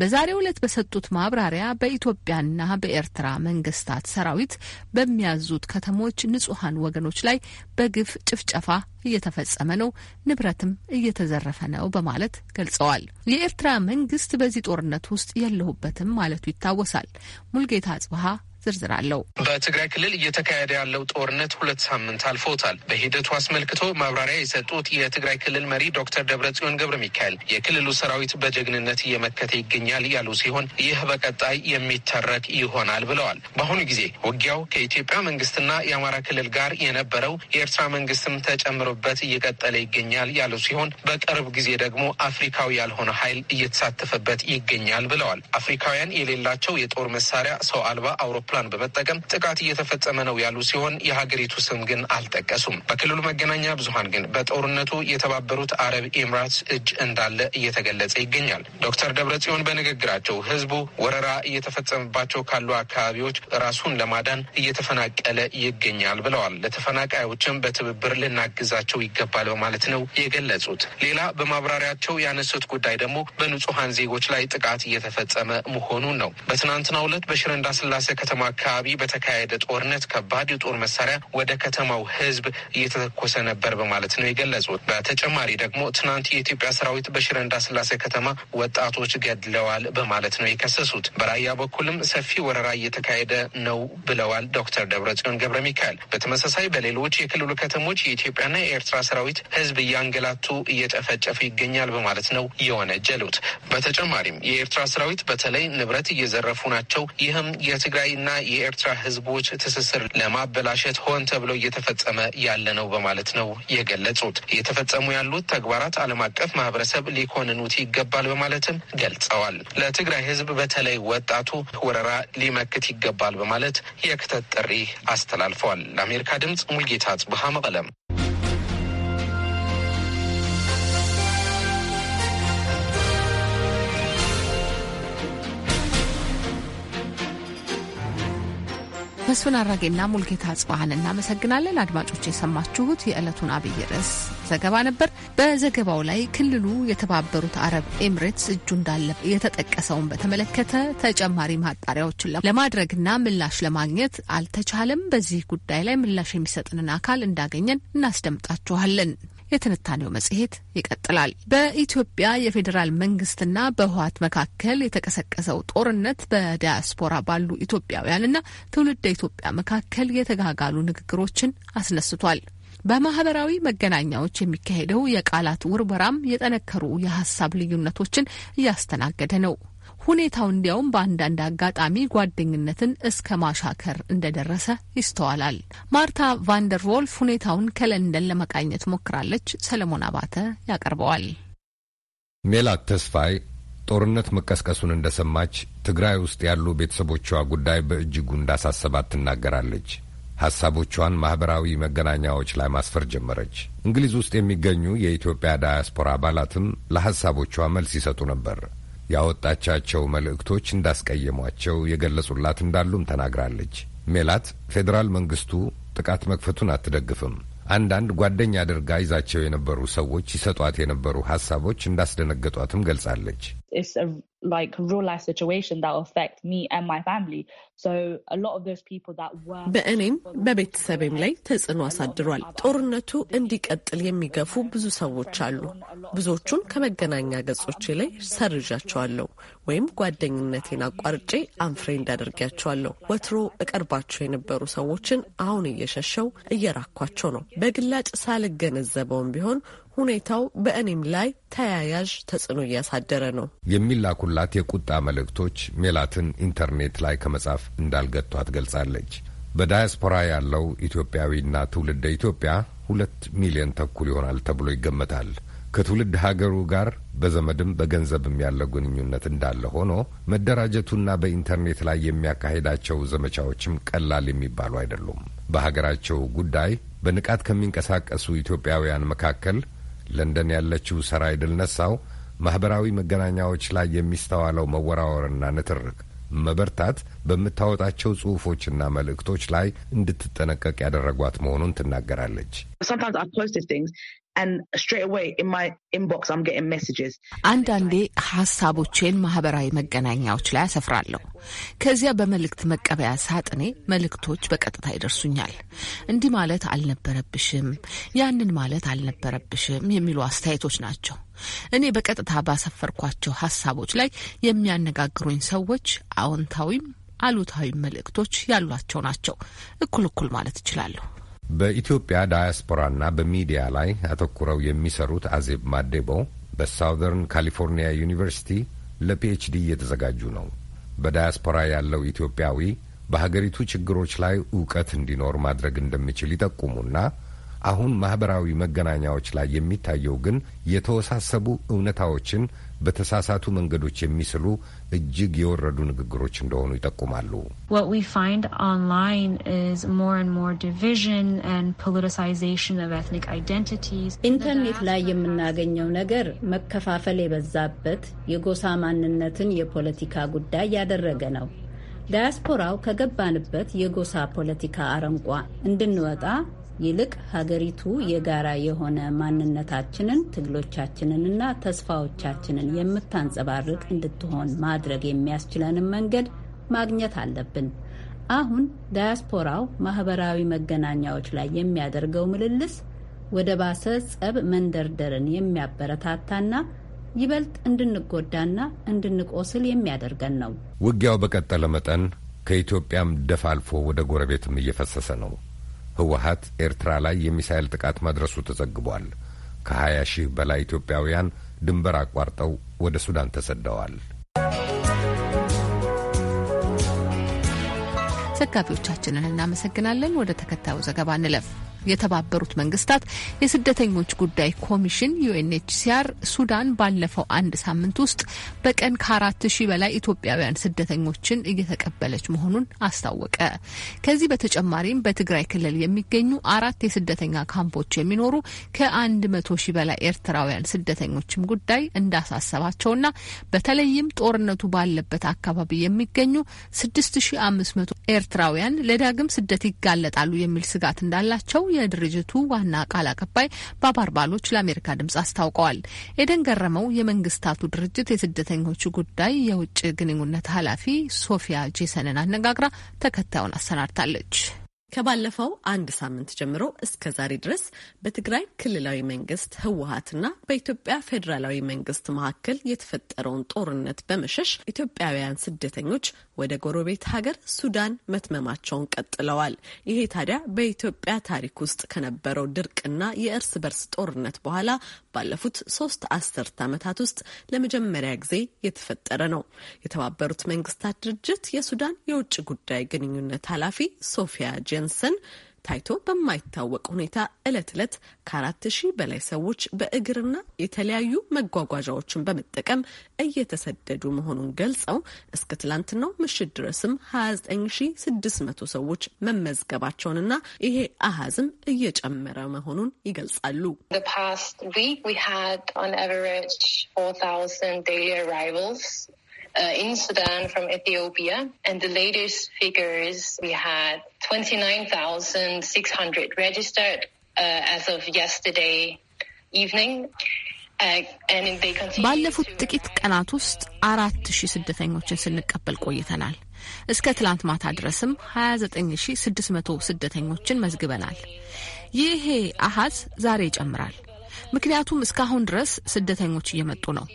በዛሬው ዕለት በሰጡት ማብራሪያ በኢትዮጵያና በኤርትራ መንግስታት ሰራዊት በሚያዙት ከተሞች ንጹሐን ወገኖች ላይ በግፍ ጭፍጨፋ እየተፈጸመ ነው፣ ንብረትም እየተዘረፈ ነው በማለት ገልጸዋል። የኤርትራ መንግስት በዚህ ጦርነት ውስጥ የለሁበትም ማለቱ ይታወሳል። ሙልጌታ አጽብሃ ዝርዝር አለው። በትግራይ ክልል እየተካሄደ ያለው ጦርነት ሁለት ሳምንት አልፎታል። በሂደቱ አስመልክቶ ማብራሪያ የሰጡት የትግራይ ክልል መሪ ዶክተር ደብረጽዮን ገብረ ሚካኤል የክልሉ ሰራዊት በጀግንነት እየመከተ ይገኛል ያሉ ሲሆን ይህ በቀጣይ የሚተረክ ይሆናል ብለዋል። በአሁኑ ጊዜ ውጊያው ከኢትዮጵያ መንግስትና የአማራ ክልል ጋር የነበረው የኤርትራ መንግስትም ተጨምሮበት እየቀጠለ ይገኛል ያሉ ሲሆን በቅርብ ጊዜ ደግሞ አፍሪካዊ ያልሆነ ኃይል እየተሳተፈበት ይገኛል ብለዋል። አፍሪካውያን የሌላቸው የጦር መሳሪያ ሰው አልባ አውሮ አውሮፕላን በመጠቀም ጥቃት እየተፈጸመ ነው ያሉ ሲሆን የሀገሪቱ ስም ግን አልጠቀሱም። በክልሉ መገናኛ ብዙሀን ግን በጦርነቱ የተባበሩት አረብ ኤምራት እጅ እንዳለ እየተገለጸ ይገኛል። ዶክተር ደብረጽዮን በንግግራቸው ህዝቡ ወረራ እየተፈጸመባቸው ካሉ አካባቢዎች ራሱን ለማዳን እየተፈናቀለ ይገኛል ብለዋል። ለተፈናቃዮችም በትብብር ልናግዛቸው ይገባል በማለት ነው የገለጹት። ሌላ በማብራሪያቸው ያነሱት ጉዳይ ደግሞ በንጹሐን ዜጎች ላይ ጥቃት እየተፈጸመ መሆኑን ነው። በትናንትናው ዕለት በሽረ እንዳስላሴ ከተማ ከተማ አካባቢ በተካሄደ ጦርነት ከባድ የጦር መሳሪያ ወደ ከተማው ህዝብ እየተተኮሰ ነበር በማለት ነው የገለጹት። በተጨማሪ ደግሞ ትናንት የኢትዮጵያ ሰራዊት በሽረንዳ ስላሴ ከተማ ወጣቶች ገድለዋል በማለት ነው የከሰሱት። በራያ በኩልም ሰፊ ወረራ እየተካሄደ ነው ብለዋል ዶክተር ደብረጽዮን ገብረ ሚካኤል። በተመሳሳይ በሌሎች የክልሉ ከተሞች የኢትዮጵያና የኤርትራ ሰራዊት ህዝብ እያንገላቱ እየጨፈጨፉ ይገኛል በማለት ነው የወነጀሉት። በተጨማሪም የኤርትራ ሰራዊት በተለይ ንብረት እየዘረፉ ናቸው፣ ይህም የትግራይና የኢትዮጵያና የኤርትራ ህዝቦች ትስስር ለማበላሸት ሆን ተብሎ እየተፈጸመ ያለ ነው በማለት ነው የገለጹት። እየተፈጸሙ ያሉት ተግባራት ዓለም አቀፍ ማህበረሰብ ሊኮንኑት ይገባል በማለትም ገልጸዋል። ለትግራይ ህዝብ በተለይ ወጣቱ ወረራ ሊመክት ይገባል በማለት የክተት ጥሪ አስተላልፈዋል። ለአሜሪካ ድምጽ ሙልጌታ ጽብሃ መቀለም መስፍን አራጌና ሙልጌታ ጽባህን እናመሰግናለን። አድማጮች የሰማችሁት የዕለቱን አብይ ርዕስ ዘገባ ነበር። በዘገባው ላይ ክልሉ የተባበሩት አረብ ኤምሬትስ እጁ እንዳለ የተጠቀሰውን በተመለከተ ተጨማሪ ማጣሪያዎችን ለማድረግና ምላሽ ለማግኘት አልተቻለም። በዚህ ጉዳይ ላይ ምላሽ የሚሰጥንን አካል እንዳገኘን እናስደምጣችኋለን። የትንታኔው መጽሔት ይቀጥላል። በኢትዮጵያ የፌዴራል መንግስትና በህወሓት መካከል የተቀሰቀሰው ጦርነት በዲያስፖራ ባሉ ኢትዮጵያውያንና ትውልደ ኢትዮጵያ መካከል የተጋጋሉ ንግግሮችን አስነስቷል። በማህበራዊ መገናኛዎች የሚካሄደው የቃላት ውርወራም የጠነከሩ የሀሳብ ልዩነቶችን እያስተናገደ ነው። ሁኔታው እንዲያውም በአንዳንድ አጋጣሚ ጓደኝነትን እስከ ማሻከር እንደደረሰ ይስተዋላል። ማርታ ቫንደር ወልፍ ሁኔታውን ከለንደን ለመቃኘት ሞክራለች። ሰለሞን አባተ ያቀርበዋል። ሜላት ተስፋይ ጦርነት መቀስቀሱን እንደሰማች ትግራይ ውስጥ ያሉ ቤተሰቦቿ ጉዳይ በእጅጉ እንዳሳሰባት ትናገራለች። ሐሳቦቿን ማኅበራዊ መገናኛዎች ላይ ማስፈር ጀመረች። እንግሊዝ ውስጥ የሚገኙ የኢትዮጵያ ዳያስፖራ አባላትም ለሐሳቦቿ መልስ ይሰጡ ነበር። ያወጣቻቸው መልእክቶች እንዳስቀየሟቸው የገለጹላት እንዳሉም ተናግራለች። ሜላት ፌዴራል መንግስቱ ጥቃት መክፈቱን አትደግፍም። አንዳንድ ጓደኛ አድርጋ ይዛቸው የነበሩ ሰዎች ይሰጧት የነበሩ ሀሳቦች እንዳስደነገጧትም ገልጻለች። it's a like real life situation that affect me and my family so a lot of those people that were በእኔም በቤተሰቤም ላይ ተጽዕኖ አሳድሯል። ጦርነቱ እንዲቀጥል የሚገፉ ብዙ ሰዎች አሉ። ብዙዎቹን ከመገናኛ ገጾቼ ላይ ሰርዣቸዋለሁ ወይም ጓደኝነቴን አቋርጬ አንፍሬ እንዳደርጊያቸዋለሁ። ወትሮ እቀርባቸው የነበሩ ሰዎችን አሁን እየሸሸው እየራኳቸው ነው። በግላጭ ሳልገነዘበውም ቢሆን ሁኔታው በእኔም ላይ ተያያዥ ተጽዕኖ እያሳደረ ነው። የሚላኩላት የቁጣ መልእክቶች ሜላትን ኢንተርኔት ላይ ከመጻፍ እንዳልገቷት ገልጻለች። በዳያስፖራ ያለው ኢትዮጵያዊና ትውልደ ኢትዮጵያ ሁለት ሚሊዮን ተኩል ይሆናል ተብሎ ይገመታል። ከትውልድ ሀገሩ ጋር በዘመድም በገንዘብም ያለው ግንኙነት እንዳለ ሆኖ መደራጀቱና በኢንተርኔት ላይ የሚያካሂዳቸው ዘመቻዎችም ቀላል የሚባሉ አይደሉም። በሀገራቸው ጉዳይ በንቃት ከሚንቀሳቀሱ ኢትዮጵያውያን መካከል ለንደን ያለችው ሰራይ ድል ነሳው ማኅበራዊ መገናኛዎች ላይ የሚስተዋለው መወራወርና ንትርክ መበርታት በምታወጣቸው ጽሁፎችና መልእክቶች ላይ እንድትጠነቀቅ ያደረጓት መሆኑን ትናገራለች። አንዳንዴ ሀሳቦቼን ማህበራዊ መገናኛዎች ላይ አሰፍራለሁ። ከዚያ በመልእክት መቀበያ ሳጥኔ መልእክቶች በቀጥታ ይደርሱኛል። እንዲህ ማለት አልነበረብሽም፣ ያንን ማለት አልነበረብሽም የሚሉ አስተያየቶች ናቸው። እኔ በቀጥታ ባሰፈርኳቸው ሀሳቦች ላይ የሚያነጋግሩኝ ሰዎች አዎንታዊም አሉታዊም መልእክቶች ያሏቸው ናቸው። እኩል እኩል ማለት እችላለሁ። በኢትዮጵያ ዳያስፖራና በሚዲያ ላይ አተኩረው የሚሰሩት አዜብ ማዴቦ በሳውዘርን ካሊፎርኒያ ዩኒቨርሲቲ ለፒኤችዲ እየተዘጋጁ ነው። በዳያስፖራ ያለው ኢትዮጵያዊ በሀገሪቱ ችግሮች ላይ እውቀት እንዲኖር ማድረግ እንደሚችል ይጠቁሙና አሁን ማኅበራዊ መገናኛዎች ላይ የሚታየው ግን የተወሳሰቡ እውነታዎችን በተሳሳቱ መንገዶች የሚስሉ እጅግ የወረዱ ንግግሮች እንደሆኑ ይጠቁማሉ። ኢንተርኔት ላይ የምናገኘው ነገር መከፋፈል የበዛበት የጎሳ ማንነትን የፖለቲካ ጉዳይ ያደረገ ነው። ዳያስፖራው ከገባንበት የጎሳ ፖለቲካ አረንቋ እንድንወጣ ይልቅ ሀገሪቱ የጋራ የሆነ ማንነታችንን፣ ትግሎቻችንንና ተስፋዎቻችንን የምታንጸባርቅ እንድትሆን ማድረግ የሚያስችለንን መንገድ ማግኘት አለብን። አሁን ዳያስፖራው ማህበራዊ መገናኛዎች ላይ የሚያደርገው ምልልስ ወደ ባሰ ጸብ መንደርደርን የሚያበረታታና ይበልጥ እንድንጎዳና እንድንቆስል የሚያደርገን ነው። ውጊያው በቀጠለ መጠን ከኢትዮጵያም ደፋ አልፎ ወደ ጎረቤትም እየፈሰሰ ነው። ህወሀት ኤርትራ ላይ የሚሳኤል ጥቃት ማድረሱ ተዘግቧል። ከ20 ሺህ በላይ ኢትዮጵያውያን ድንበር አቋርጠው ወደ ሱዳን ተሰደዋል። ዘጋቢዎቻችንን እናመሰግናለን። ወደ ተከታዩ ዘገባ እንለፍ። የተባበሩት መንግስታት የስደተኞች ጉዳይ ኮሚሽን ዩኤንኤችሲአር ሱዳን ባለፈው አንድ ሳምንት ውስጥ በቀን ከአራት ሺህ በላይ ኢትዮጵያውያን ስደተኞችን እየተቀበለች መሆኑን አስታወቀ። ከዚህ በተጨማሪም በትግራይ ክልል የሚገኙ አራት የስደተኛ ካምፖች የሚኖሩ ከአንድ መቶ ሺህ በላይ ኤርትራውያን ስደተኞችም ጉዳይ እንዳሳሰባቸውና በተለይም ጦርነቱ ባለበት አካባቢ የሚገኙ ስድስት ሺ አምስት መቶ ኤርትራውያን ለዳግም ስደት ይጋለጣሉ የሚል ስጋት እንዳላቸው የድርጅቱ ዋና ቃል አቀባይ ባባር ባሎች ለአሜሪካ ድምጽ አስታውቀዋል። ኤደን ገረመው የመንግስታቱ ድርጅት የስደተኞቹ ጉዳይ የውጭ ግንኙነት ኃላፊ ሶፊያ ጄሰንን አነጋግራ ተከታዩን አሰናድታለች። ከባለፈው አንድ ሳምንት ጀምሮ እስከ ዛሬ ድረስ በትግራይ ክልላዊ መንግስት ህወሀትና በኢትዮጵያ ፌዴራላዊ መንግስት መካከል የተፈጠረውን ጦርነት በመሸሽ ኢትዮጵያውያን ስደተኞች ወደ ጎረቤት ሀገር ሱዳን መትመማቸውን ቀጥለዋል። ይሄ ታዲያ በኢትዮጵያ ታሪክ ውስጥ ከነበረው ድርቅና የእርስ በርስ ጦርነት በኋላ ባለፉት ሶስት አስርት ዓመታት ውስጥ ለመጀመሪያ ጊዜ የተፈጠረ ነው። የተባበሩት መንግስታት ድርጅት የሱዳን የውጭ ጉዳይ ግንኙነት ኃላፊ ሶፊያ ጀንሰን ታይቶ በማይታወቅ ሁኔታ ዕለት ዕለት ከአራት ሺህ በላይ ሰዎች በእግርና የተለያዩ መጓጓዣዎችን በመጠቀም እየተሰደዱ መሆኑን ገልጸው እስከ ትላንትናው ምሽት ድረስም 29600 ሰዎች መመዝገባቸውንና ይሄ አሃዝም እየጨመረ መሆኑን ይገልጻሉ። uh, in Sudan from Ethiopia. And the latest figures, we had 29,600 registered uh, as of yesterday evening. ባለፉት ጥቂት ቀናት ውስጥ አራት ሺህ ስደተኞችን ስንቀበል ቆይተናል። እስከ ትላንት ማታ ድረስም 29600 ስደተኞችን መዝግበናል። ይሄ አሃዝ ዛሬ ይጨምራል። ምክንያቱም እስካሁን ድረስ ስደተኞች እየመጡ ነው።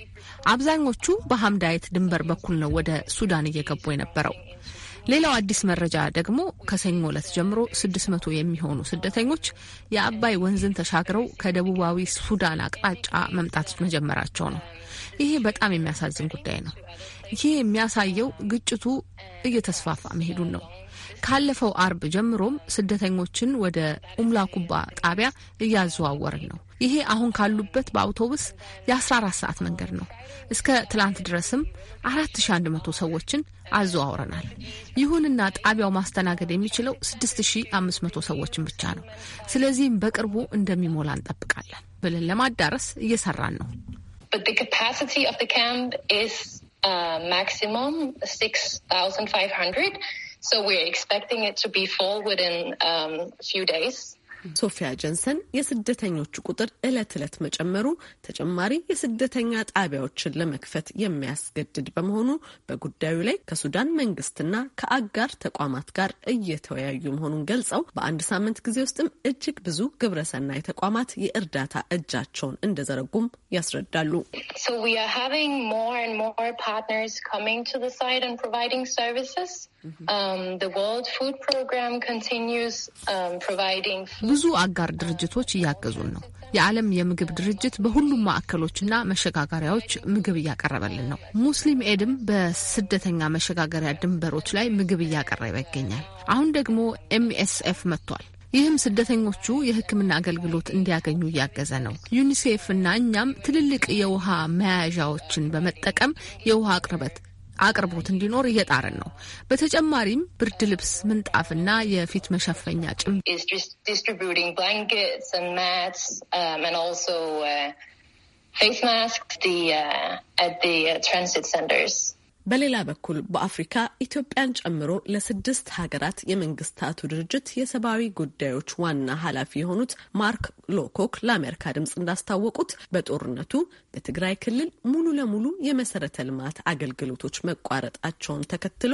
አብዛኞቹ በሐምዳይት ድንበር በኩል ነው ወደ ሱዳን እየገቡ የነበረው። ሌላው አዲስ መረጃ ደግሞ ከሰኞ ዕለት ጀምሮ 600 የሚሆኑ ስደተኞች የአባይ ወንዝን ተሻግረው ከደቡባዊ ሱዳን አቅጣጫ መምጣት መጀመራቸው ነው። ይሄ በጣም የሚያሳዝን ጉዳይ ነው። ይሄ የሚያሳየው ግጭቱ እየተስፋፋ መሄዱን ነው። ካለፈው አርብ ጀምሮም ስደተኞችን ወደ ኡምላኩባ ኩባ ጣቢያ እያዘዋወርን ነው። ይሄ አሁን ካሉበት በአውቶቡስ የ14 ሰዓት መንገድ ነው። እስከ ትላንት ድረስም 4100 ሰዎችን አዘዋውረናል። ይሁንና ጣቢያው ማስተናገድ የሚችለው 6500 ሰዎችን ብቻ ነው። ስለዚህም በቅርቡ እንደሚሞላ እንጠብቃለን ብለን ለማዳረስ እየሰራን ነው። ማክሲመም 6500 uh, so we're expecting it to be full within um, few days ሶፊያ ጀንሰን የስደተኞቹ ቁጥር እለት እለት መጨመሩ ተጨማሪ የስደተኛ ጣቢያዎችን ለመክፈት የሚያስገድድ በመሆኑ በጉዳዩ ላይ ከሱዳን መንግስትና ከአጋር ተቋማት ጋር እየተወያዩ መሆኑን ገልጸው በአንድ ሳምንት ጊዜ ውስጥም እጅግ ብዙ ግብረሰናይ ተቋማት የእርዳታ እጃቸውን እንደዘረጉም ያስረዳሉ። ብዙ አጋር ድርጅቶች እያገዙን ነው። የዓለም የምግብ ድርጅት በሁሉም ማዕከሎችና መሸጋገሪያዎች ምግብ እያቀረበልን ነው። ሙስሊም ኤድም በስደተኛ መሸጋገሪያ ድንበሮች ላይ ምግብ እያቀረበ ይገኛል። አሁን ደግሞ ኤምኤስኤፍ መጥቷል። ይህም ስደተኞቹ የሕክምና አገልግሎት እንዲያገኙ እያገዘ ነው። ዩኒሴፍ እና እኛም ትልልቅ የውሃ መያዣዎችን በመጠቀም የውሃ አቅርበት አቅርቦት እንዲኖር እየጣርን ነው። በተጨማሪም ብርድ ልብስ፣ ምንጣፍና የፊት መሸፈኛ ጭም ፌስ ማስክ በሌላ በኩል በአፍሪካ ኢትዮጵያን ጨምሮ ለስድስት ሀገራት የመንግስታቱ ድርጅት የሰብአዊ ጉዳዮች ዋና ኃላፊ የሆኑት ማርክ ሎኮክ ለአሜሪካ ድምፅ እንዳስታወቁት በጦርነቱ በትግራይ ክልል ሙሉ ለሙሉ የመሰረተ ልማት አገልግሎቶች መቋረጣቸውን ተከትሎ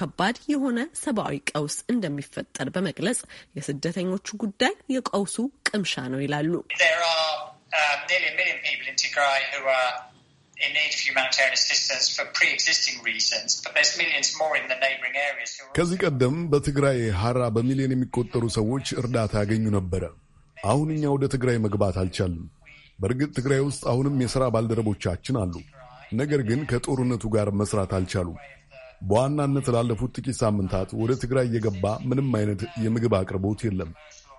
ከባድ የሆነ ሰብአዊ ቀውስ እንደሚፈጠር በመግለጽ የስደተኞቹ ጉዳይ የቀውሱ ቅምሻ ነው ይላሉ። ከዚህ ቀደም በትግራይ ሀራ በሚሊዮን የሚቆጠሩ ሰዎች እርዳታ ያገኙ ነበረ። አሁን እኛ ወደ ትግራይ መግባት አልቻልም። በእርግጥ ትግራይ ውስጥ አሁንም የሥራ ባልደረቦቻችን አሉ። ነገር ግን ከጦርነቱ ጋር መስራት አልቻሉም። በዋናነት ላለፉት ጥቂት ሳምንታት ወደ ትግራይ እየገባ ምንም አይነት የምግብ አቅርቦት የለም።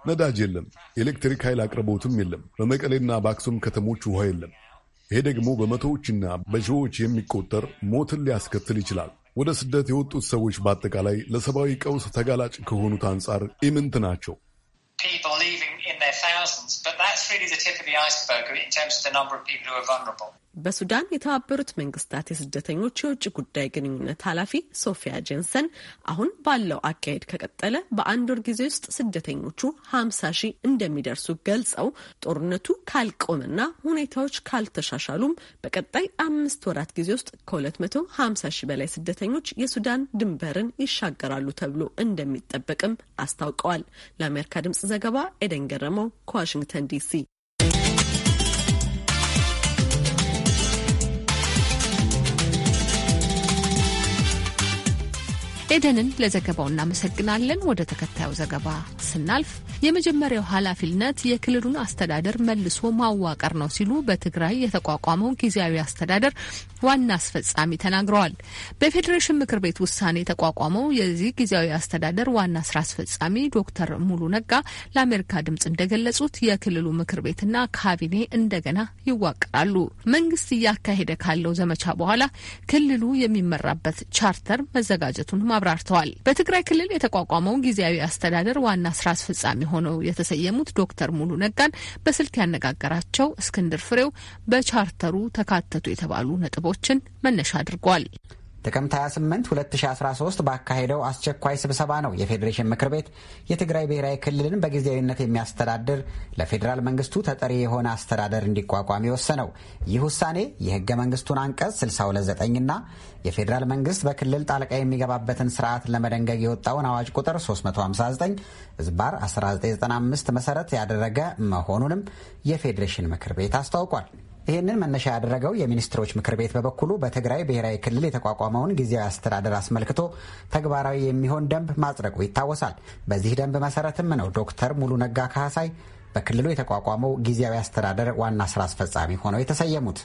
ነዳጅ የለም። ኤሌክትሪክ ኃይል አቅርቦትም የለም። በመቀሌና በአክሱም ከተሞች ውሃ የለም። ይሄ ደግሞ በመቶዎችና በሺዎች የሚቆጠር ሞትን ሊያስከትል ይችላል። ወደ ስደት የወጡት ሰዎች በአጠቃላይ ለሰብአዊ ቀውስ ተጋላጭ ከሆኑት አንጻር ኢምንት ናቸው። ones, but that's really the the the tip of of of iceberg in terms number people who are vulnerable. በሱዳን የተባበሩት መንግስታት የስደተኞች የውጭ ጉዳይ ግንኙነት ኃላፊ ሶፊያ ጄንሰን አሁን ባለው አካሄድ ከቀጠለ በአንድ ወር ጊዜ ውስጥ ስደተኞቹ ሀምሳ ሺህ እንደሚደርሱ ገልጸው ጦርነቱ ካልቆመና ሁኔታዎች ካልተሻሻሉም በቀጣይ አምስት ወራት ጊዜ ውስጥ ከሁለት መቶ ሀምሳ ሺህ በላይ ስደተኞች የሱዳን ድንበርን ይሻገራሉ ተብሎ እንደሚጠበቅም አስታውቀዋል። ለአሜሪካ ድምጽ ዘገባ ኤደን ገረመው ከዋሽንግተን ዋሽንግተን ዲሲ ኤደንን ለዘገባው እናመሰግናለን። ወደ ተከታዩ ዘገባ ስናልፍ የመጀመሪያው ኃላፊነት የክልሉን አስተዳደር መልሶ ማዋቀር ነው ሲሉ በትግራይ የተቋቋመው ጊዜያዊ አስተዳደር ዋና አስፈጻሚ ተናግረዋል። በፌዴሬሽን ምክር ቤት ውሳኔ የተቋቋመው የዚህ ጊዜያዊ አስተዳደር ዋና ስራ አስፈጻሚ ዶክተር ሙሉ ነጋ ለአሜሪካ ድምጽ እንደገለጹት የክልሉ ምክር ቤትና ካቢኔ እንደገና ይዋቀራሉ። መንግስት እያካሄደ ካለው ዘመቻ በኋላ ክልሉ የሚመራበት ቻርተር መዘጋጀቱን አብራርተዋል። በትግራይ ክልል የተቋቋመው ጊዜያዊ አስተዳደር ዋና ስራ አስፈጻሚ ሆነው የተሰየሙት ዶክተር ሙሉ ነጋን በስልክ ያነጋገራቸው እስክንድር ፍሬው በቻርተሩ ተካተቱ የተባሉ ነጥቦችን መነሻ አድርጓል። ጥቅምት 28 2013 ባካሄደው አስቸኳይ ስብሰባ ነው የፌዴሬሽን ምክር ቤት የትግራይ ብሔራዊ ክልልን በጊዜያዊነት የሚያስተዳድር ለፌዴራል መንግስቱ ተጠሪ የሆነ አስተዳደር እንዲቋቋም የወሰነው። ይህ ውሳኔ የህገ መንግስቱን አንቀጽ 629ና የፌዴራል መንግስት በክልል ጣልቃ የሚገባበትን ስርዓት ለመደንገግ የወጣውን አዋጅ ቁጥር 359 ዝባር 1995 መሰረት ያደረገ መሆኑንም የፌዴሬሽን ምክር ቤት አስታውቋል። ይህንን መነሻ ያደረገው የሚኒስትሮች ምክር ቤት በበኩሉ በትግራይ ብሔራዊ ክልል የተቋቋመውን ጊዜያዊ አስተዳደር አስመልክቶ ተግባራዊ የሚሆን ደንብ ማጽደቁ ይታወሳል። በዚህ ደንብ መሰረትም ነው ዶክተር ሙሉ ነጋ ካህሳይ በክልሉ የተቋቋመው ጊዜያዊ አስተዳደር ዋና ስራ አስፈጻሚ ሆነው የተሰየሙት።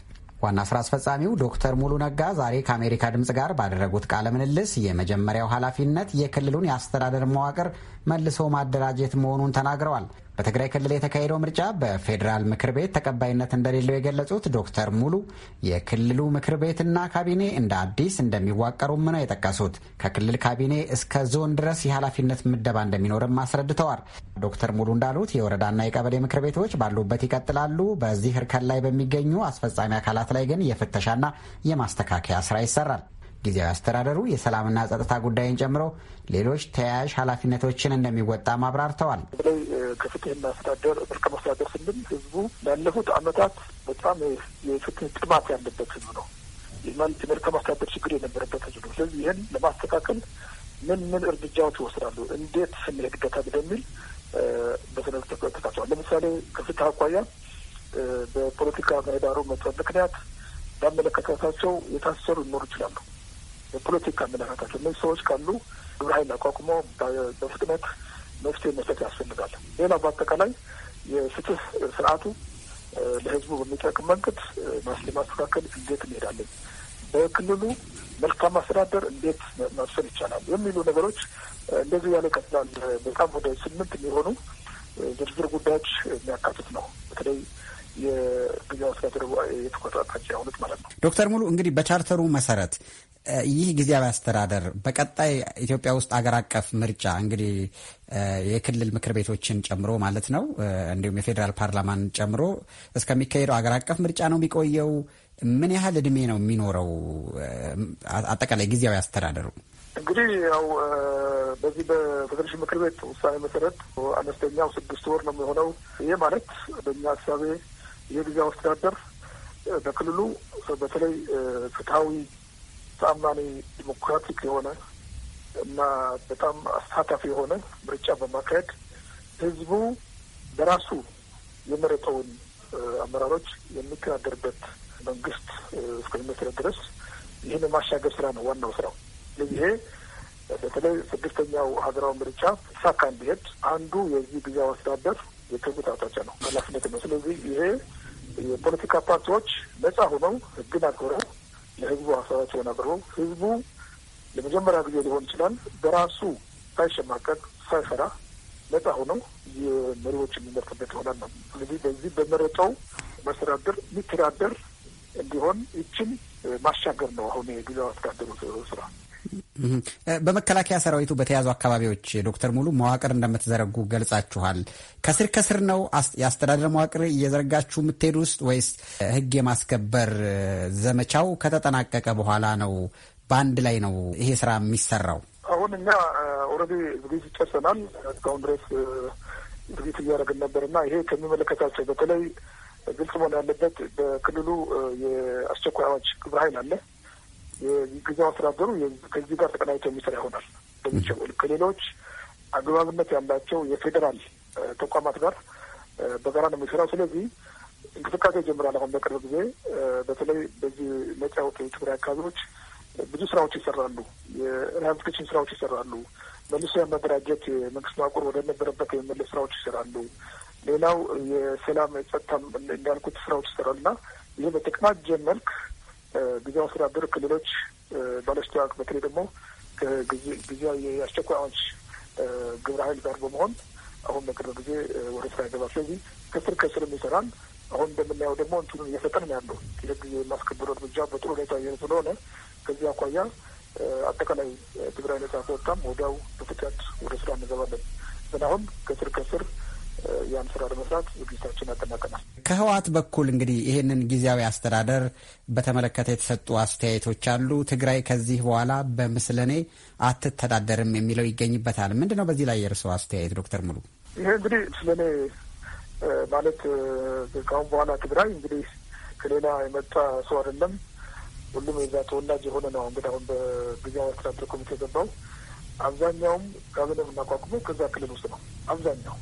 ዋና ስራ አስፈጻሚው ዶክተር ሙሉ ነጋ ዛሬ ከአሜሪካ ድምፅ ጋር ባደረጉት ቃለ ምልልስ የመጀመሪያው ኃላፊነት የክልሉን የአስተዳደር መዋቅር መልሶ ማደራጀት መሆኑን ተናግረዋል። በትግራይ ክልል የተካሄደው ምርጫ በፌዴራል ምክር ቤት ተቀባይነት እንደሌለው የገለጹት ዶክተር ሙሉ የክልሉ ምክር ቤትና ካቢኔ እንደ አዲስ እንደሚዋቀሩም ነው የጠቀሱት። ከክልል ካቢኔ እስከ ዞን ድረስ የኃላፊነት ምደባ እንደሚኖርም አስረድተዋል። ዶክተር ሙሉ እንዳሉት የወረዳና የቀበሌ ምክር ቤቶች ባሉበት ይቀጥላሉ። በዚህ እርከን ላይ በሚገኙ አስፈጻሚ አካላት ላይ ግን የፍተሻና የማስተካከያ ስራ ይሰራል። ጊዜያዊ አስተዳደሩ የሰላምና ጸጥታ ጉዳይን ጨምሮ ሌሎች ተያያዥ ኃላፊነቶችን እንደሚወጣ ማብራርተዋል። በተለይ ከፍትህና አስተዳደር መልካም አስተዳደር ስንል ህዝቡ ላለፉት አመታት በጣም የፍትህ ጥማት ያለበት ህዝብ ነው። የመልካም አስተዳደር ችግር የነበረበት ህዝብ ነው። ስለዚህ ይህን ለማስተካከል ምን ምን እርምጃዎች ይወስዳሉ፣ እንዴት ስንሄድበታል በሚል በሰነድ ተካተዋል። ለምሳሌ ከፍትህ አኳያ በፖለቲካ ምህዳሩ መጥበብ ምክንያት ባመለከታታቸው የታሰሩ ይኖሩ ይችላሉ። የፖለቲካ አመለካከታቸው እነዚህ ሰዎች ካሉ ግብረ ኃይል አቋቁሞ በፍጥነት መፍትሄ መስጠት ያስፈልጋል። ሌላው በአጠቃላይ የፍትህ ስርዓቱ ለህዝቡ በሚጠቅም መንገድ ማስተካከል እንዴት እንሄዳለን፣ በክልሉ መልካም አስተዳደር እንዴት ማስፈን ይቻላል የሚሉ ነገሮች እንደዚህ ያለ ቀጥላል። በጣም ወደ ስምንት የሚሆኑ ዝርዝር ጉዳዮች የሚያካትት ነው። በተለይ የጊዜያዊ አስተዳደሩ የትኩረት አቅጣጫ የሆኑት ማለት ነው። ዶክተር ሙሉ እንግዲህ በቻርተሩ መሰረት ይህ ጊዜያዊ አስተዳደር በቀጣይ ኢትዮጵያ ውስጥ አገር አቀፍ ምርጫ እንግዲህ የክልል ምክር ቤቶችን ጨምሮ ማለት ነው፣ እንዲሁም የፌዴራል ፓርላማን ጨምሮ እስከሚካሄደው አገር አቀፍ ምርጫ ነው የሚቆየው? ምን ያህል እድሜ ነው የሚኖረው? አጠቃላይ ጊዜያዊ አስተዳደሩ እንግዲህ ያው በዚህ በፌዴሬሽን ምክር ቤት ውሳኔ መሰረት አነስተኛው ስድስት ወር ነው የሚሆነው። ይህ ማለት በእኛ ሀሳቤ የጊዜያዊ አስተዳደር በክልሉ በተለይ ፍትሐዊ ተአማኒ ዲሞክራቲክ የሆነ እና በጣም አሳታፊ የሆነ ምርጫ በማካሄድ ህዝቡ በራሱ የመረጠውን አመራሮች የሚተዳደርበት መንግስት እስከሚመስለ ድረስ ይህን የማሻገር ስራ ነው ዋናው ስራው። ስለዚህ ይሄ በተለይ ስድስተኛው ሀገራዊ ምርጫ ሳካ እንዲሄድ አንዱ የዚህ ጊዜያዊ አስተዳደር የክቡት አቅጣጫ ነው፣ ኃላፊነት ነው። ስለዚህ ይሄ የፖለቲካ ፓርቲዎች ነጻ ሆነው ህግን አክብረው ለህዝቡ ሀሳባቸውን አቅርበው ህዝቡ ለመጀመሪያ ጊዜ ሊሆን ይችላል በራሱ ሳይሸማቀቅ ሳይፈራ ነጻ ሆኖ የመሪዎች የሚመርጥበት ይሆናል ነው። ስለዚህ በዚህ በመረጠው መስተዳደር የሚተዳደር እንዲሆን ይችን ማሻገር ነው አሁን የጊዜው አስተዳደሩ ስራ። በመከላከያ ሰራዊቱ በተያዙ አካባቢዎች ዶክተር ሙሉ መዋቅር እንደምትዘረጉ ገልጻችኋል። ከስር ከስር ነው የአስተዳደር መዋቅር እየዘረጋችሁ የምትሄዱ ውስጥ ወይስ ህግ የማስከበር ዘመቻው ከተጠናቀቀ በኋላ ነው? በአንድ ላይ ነው ይሄ ስራ የሚሰራው? አሁን እኛ ኦልሬዲ ዝግጅት ጨርሰናል። እስካሁን ድረስ ዝግጅት እያደረግን ነበር እና ይሄ ከሚመለከታቸው በተለይ ግልጽ መሆን ያለበት በክልሉ የአስቸኳይ አዋጅ ግብረ ኃይል አለ የጊዜው አስተዳደሩ ከዚህ ጋር ተቀናጅቶ የሚሰራ ይሆናል። በሚቸው ከሌሎች አግባብነት ያላቸው የፌዴራል ተቋማት ጋር በጋራ ነው የሚሰራው። ስለዚህ እንቅስቃሴ ይጀምራል። አሁን በቅርብ ጊዜ በተለይ በዚህ መጫወት የትግራይ አካባቢዎች ብዙ ስራዎች ይሰራሉ። የሪሃብሊቴሽን ስራዎች ይሰራሉ። መልሶ የመደራጀት የመንግስት ማቆር ወደነበረበት የመለስ ስራዎች ይሰራሉ። ሌላው የሰላም ጸጥታ እንዳልኩት ስራዎች ይሰራሉ እና ይህ በተቀናጀ መልክ ጊዜያዊ አስተዳደር ክልሎች ባለስቲዋቅ በተለይ ደግሞ ጊዜያዊ የአስቸኳይ አዋጅ ግብረ ኃይል ጋር በመሆን አሁን በቅርብ ጊዜ ወደ ስራ ይገባል። ስለዚህ ከስር ከስር ይሰራል። አሁን እንደምናየው ደግሞ እንትኑን እየሰጠን ነው ያለው ሂደት ጊዜ የማስከበር እርምጃ በጥሩ ሁኔታ እየሄደ ስለሆነ ከዚህ አኳያ አጠቃላይ ትግራይ ነጻ ከወጣም ወዲያው በፍጥነት ወደ ስራ እንገባለን። ግን አሁን ከስር ከስር ያን ስራ ለመስራት ዝግጅታችን ያጠናቀናል። ከህወሓት በኩል እንግዲህ ይህንን ጊዜያዊ አስተዳደር በተመለከተ የተሰጡ አስተያየቶች አሉ። ትግራይ ከዚህ በኋላ በምስለኔ አትተዳደርም የሚለው ይገኝበታል። ምንድን ነው በዚህ ላይ የእርስዎ አስተያየት ዶክተር ሙሉ? ይሄ እንግዲህ ምስለኔ ማለት ከአሁን በኋላ ትግራይ እንግዲህ ከሌላ የመጣ ሰው አይደለም። ሁሉም የዛ ተወላጅ የሆነ ነው። እንግዲህ አሁን በጊዜያዊ አስተዳደር ኮሚቴ ገባው አብዛኛውም ጋብነ የምናቋቁመው ከዛ ክልል ውስጥ ነው አብዛኛው